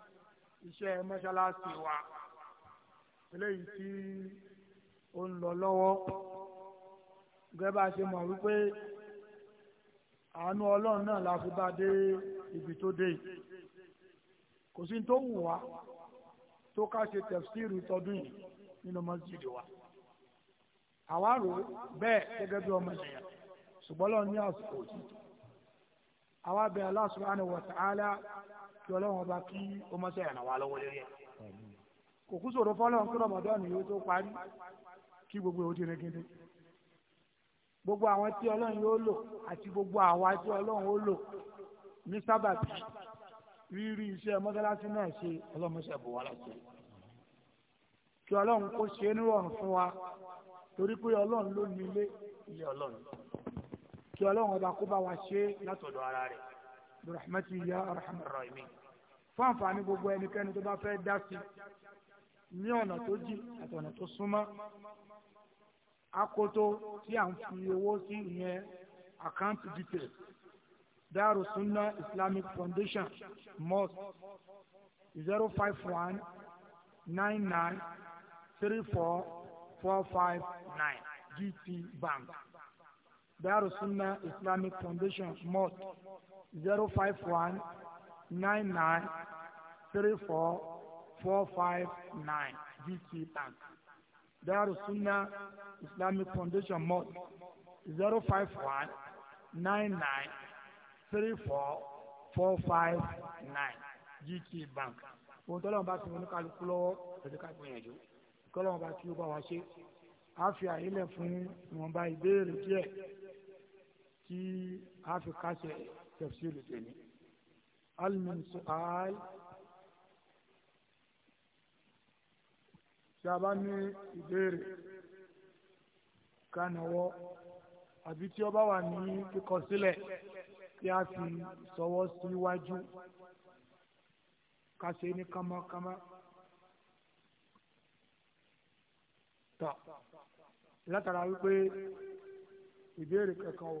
iṣẹ́ mọ́ṣáláṣí wa eléyìí tí ó ń lọ lọ́wọ́ gẹ́gẹ́ bá a ṣe mọ̀ wípé àánú ọlọ́run náà la fi bá dé ibi tó dé kò sí tó wù wá tó ká ṣe tẹ̀fsíìrì tọdún yìí nínú mọ́sídìí wa àwárò bẹ́ẹ̀ gẹ́gẹ́ bí ọmọ ènìyàn ṣùgbọ́n lọ́run ní àsìkò òtítọ́ àwa bẹ̀ Allah subhanahu wa ta'ala kí ọlọ́run ọba kí ó mọ́ṣẹ́ ìrànwá lọ́wọ́ lórí ẹ̀. kò kú sòro fọ́lọ́run kí rọmọdọ́ọ̀nù yóò tó parí kí gbogbo ìhòòdì rẹ̀ gidi. gbogbo àwọn tí ọlọ́run yóò lò àti gbogbo àwa tí ọlọ́run ó lò ní sábàbí rírí iṣẹ́ mọ́sálásí náà ṣe ọlọ́mọṣẹ́ bò wá lọ́sẹ̀. kí ọlọ́run kó ṣe é nírọ̀rùn fún wa torí pé ọlọ́run ló ní ilé ilé ọlọ́run kí ọlọ́run ọba kó bá wa ṣe látọ̀dọ̀ ara rẹ̀ rahmatu ya arhamar rahimin fún àǹfààní gbogbo ẹnikẹ́ni tó bá fẹ́ dá sí ní ọ̀nà tó jì àti ọ̀nà tó súnmọ́ akoto tí à ń fi owó sí ìyẹn account detail Darus Sunnah Islamic Foundation mosque zero five one nine nine three four four five nine GT Bank Darus Sunnah Islamic Foundation mosque zero five one nine nine three four four five nine GT bank Darussunnah Islamic Foundation Mosque zero five one nine nine three four four five nine GT bank ohun tọ́lọ́run bá ti wọn kálukú lọ́wọ́ ẹ̀jẹ̀ ká gbìyànjú kọ́lọ́run bá ti ó bá wa ṣe á fi àyílẹ̀ fún ìwọ̀nba ìbéèrè díẹ̀ tí a fi kásẹ̀ tẹ̀síìlì tèmi. هل من سؤال sábà ní ìbéèrè kánàwọ́ àbí tí ó bá wà ní kíkọ sílẹ̀ kí a fi sọwọ́ síwájú ká ṣe ní kánmọ́kánmọ́. tọ́ látara wípé ìbéèrè kankan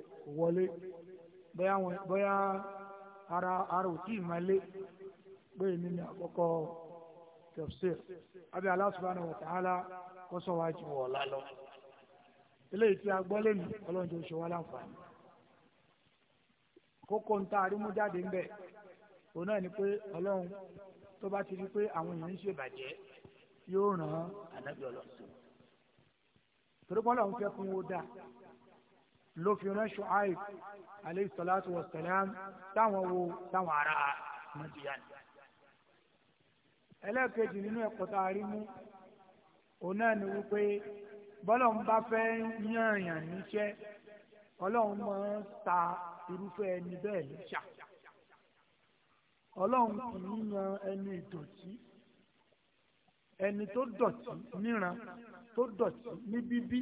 kò ara ara ò tí ì máa lé pé ni àkọ́kọ́ tafsir abẹ́ Allah subhanahu wa ta'ala kó lọ. eléyìí tí a gbọ́ ọlọ́run tó ṣe láǹfààní. kókó ń ta arímújáde ń bẹ̀ òun náà ni pé ọlọ́run tó bá ló fi rán ṣùáì alayhi salatu wa salam táwọn wo táwọn ará mọ̀díyàn. ẹlẹ́ẹ̀kejì nínú ẹ̀kọ́ tá a rí mú òun náà ni wípé bọ́lọ̀ ń bá fẹ́ yànyàn níṣẹ́ ọlọ́run máa ń ta irúfẹ́ ẹni bẹ́ẹ̀ níṣà ọlọ́run kì í yan ẹni ìdọ̀tí ẹni tó dọ̀tí níran tó dọ̀tí ní bíbí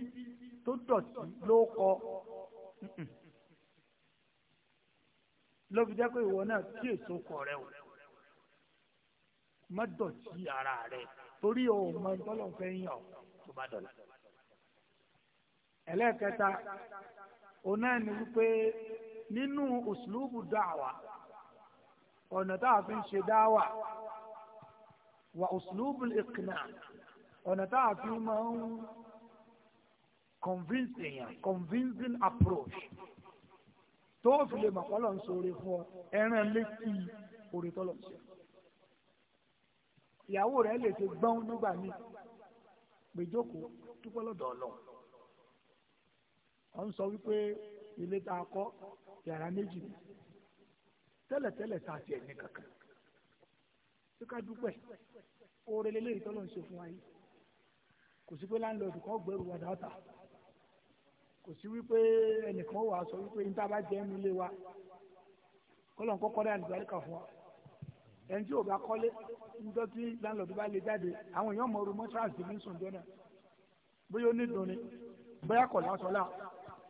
tó dọ̀tí ló kọ ló fi jẹ́ pé ìwọ náà kí èso kọ rẹ o ara rẹ torí o mọ ìtọ́lọ̀ fẹ́ yàn tó bá dọ̀la. ẹlẹ́ẹ̀kẹta òun náà ni wípé nínú uslubu da'wa ọ̀nà tá a fi ń ṣe dáwà ọ̀nà tá a fi máa ń. convincing èèyàn convincing approach tó o fi lè mọ̀ kọ́lọ̀ ń sọ̀rọ̀ fún ọ ẹran létí orí tọ́lọ̀ ń sọ. ìyàwó rẹ̀ lè ṣe gbọ́n nígbà míì gbèjókòó dúpẹ́ lọ́dọ̀ ọlọ́run. wọ́n ń sọ wípé ilé tá a kọ́ yàrá méjì ni tẹ́lẹ̀tẹ́lẹ̀ tá a ti ẹ̀ kankan. tí ká dúpẹ́ oore lélẹ́yìí tọ́lọ̀ ń ṣe fún wa yìí kò sí pé láńlọ́ọ̀dù kan gbẹ́rù wàdà ọ̀tà kò sí wípé ẹnìkan wà sọ wípé níta bá jẹ́ ẹnu ilé wa kọ́lọ̀ ń kọ́kọ́ dá àlùbáríkà fún wa ẹni tí ò bá kọ́lé níjọ́ tí láńlọ́ọ̀dù bá lè jáde àwọn èèyàn mọ̀ ọ́rùn mọ́tíráàsì ní sùn jọ́nà bóyá ó ní dùnni bóyá kọ̀ lásọ̀lá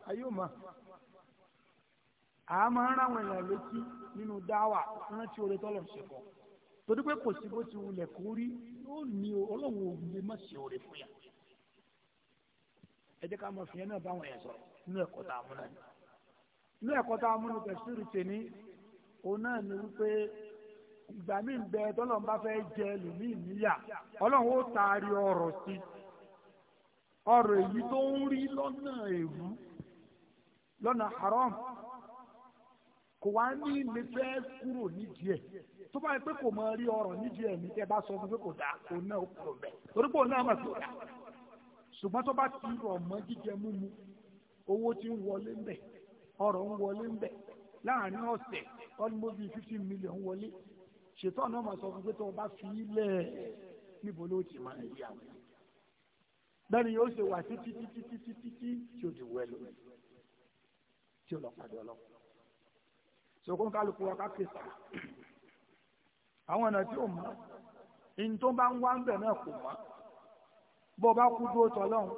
ayé ò mọ̀ àá máa ń ráwọn èèyàn létí nínú dáwà rántí oore tọ́lọ̀ ṣe fọ́ torí pé kò sí bó ti wulẹ̀ kó rí yóò ní ọlọ́run ò lè má ṣe oore fún yàrá ẹ jẹ́ ká mọ fìyẹn náà báwọn yẹn sọ̀rọ̀ nínú ẹ̀kọ́ tá a mú náà nínú ẹ̀kọ́ tá a mú ní ni wípé ìgbà mi taari ọ̀rọ̀ si ọ̀rọ̀ èyí tó ń rí lọ́nà ewu lọ́nà haram kò wá ní lè fẹ́ kúrò nídìí ẹ̀ tó bá yẹ pé kò mọ rí ṣùgbọ́n tó bá ti rọ̀ mọ́ jíjẹ múmu owó ti ń wọlé ń bẹ̀ ọrọ̀ ń wọlé ń bẹ̀ láàrin ọ̀sẹ̀ almost fifteen million wọlé ṣètò ọ̀nà ọmọ sọ fún pé tó o bá fi ilẹ̀ níbo ló ti máa yí àwọn lẹ́nu yóò ṣe wà títí títí títí títí tí o ti wẹ̀ lórí tí o lọ pàdé ọlọ́pàá sọkún kálukú wa ká kéṣà àwọn ọ̀nà tí o mọ̀ ní tó bá ń wá ń bẹ̀ náà kò mọ̀ bọ́ ọ bá kú dúró tọ́ lọ́hùn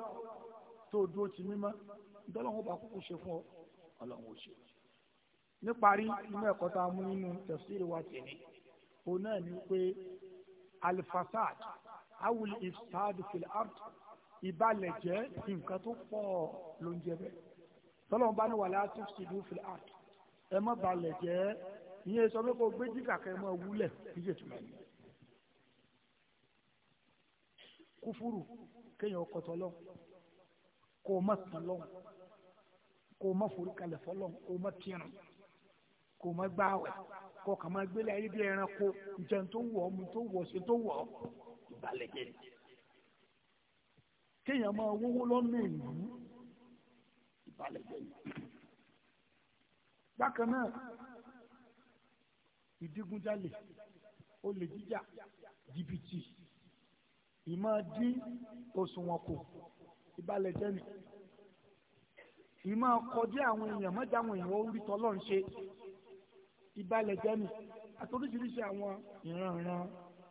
tó dúró ti mímọ́ ìdọ́lọ́hùn bá kúkú ṣe fún ọ ọlọ́hùn ò ṣe. níparí inú ẹ̀kọ́ tá a mú nínú tafsiri wa tẹ̀lé òun náà ni pé alifasad awul ifsad fil ard ìbalẹ̀ jẹ́ nǹkan tó pọ̀ ló ń jẹ bẹ́ẹ̀ tọ́lọ́hùn bá ní wàlá tufsidu fil ard ẹ má balẹ̀ jẹ́ ìyẹn sọ pé kó gbé jíkà kẹ́ mọ́ wúlẹ̀ níjẹ̀tùmọ̀ ẹ̀yìn kúfúrù kéèyàn ọkọ̀ tọ́lọ́ kó má tọ́lọ́ kó má forúkalẹ̀ fọ́lọ́ kó má tìrùn kó má gbáwẹ̀ kó kà má gbélé ayé bí ẹranko ìjẹun tó wọ̀ ọ́ mu tó wọ̀ ọ́ ṣe tó wọ̀ ìbàlẹ̀ jẹ́ kéèyàn máa wówó lọ́nà ìlú ìbàlẹ̀ jẹ́ bákan náà ìdígunjalè olè jíjà jìbìtì ìmọ̀ dín òṣùwọ̀n kù ìbalẹ̀ jẹ́nu ìmọ̀ kọjá àwọn èèyàn mọ́jà àwọn èèyàn orí tọ́lọ́ ń ṣe ìbalẹ̀ jẹ́nu àti oríṣiríṣi àwọn ìrànràn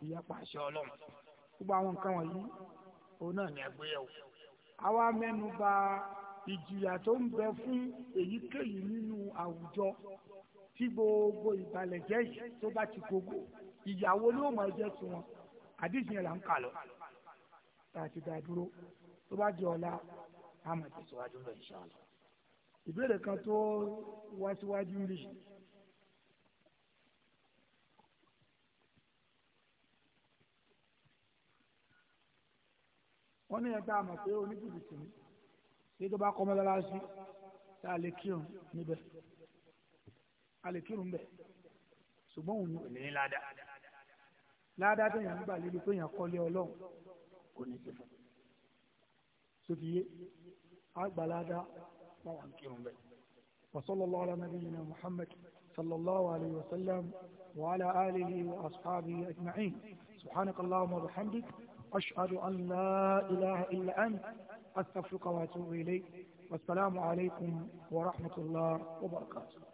ìyapa àṣẹ ọlọ́run gbogbo àwọn nǹkan wọ̀nyí òun náà ní àgbéyẹ̀wò àwa mẹ́nu bà ìjìyà tó ń bẹ fún èyíkéyìí nínú àwùjọ tí gbogbo ìbalẹ̀ jẹ́ yìí tó bá ti gbogbo ìyàwó ló mọ̀ ẹjẹ́ tiwọn àdìsí yẹn là ń kà lọ tá a ti dá dúró tó bá di ọ̀la a máa tẹ̀síwájú lọ ìṣàlọ. ìbéèrè kan tó wá síwájú rí wọ́n ní ẹ̀ta àmọ̀ pé oníjìbìtì ni ṣé tó bá kọ́ mọ́lálásí tá a lè kírun níbẹ̀ a lè kírun bẹ̀ ṣùgbọ́n òun ò ní ládàá ládàá tó yàn gbà lórí pé yàn kọ́lé ọlọ́run kò ní sí fún sofiye agbalada báwa ń kírun bẹ wasallallahu ala nabiyina muhammad sallallahu alayhi wa sallam wa ala alihi wa ashabihi ajma'in subhanaka allahumma wa bihamdik ashhadu an la ilaha illa ant astaghfiruka wa atubu ilayk alaykum wa rahmatullah wa barakatuh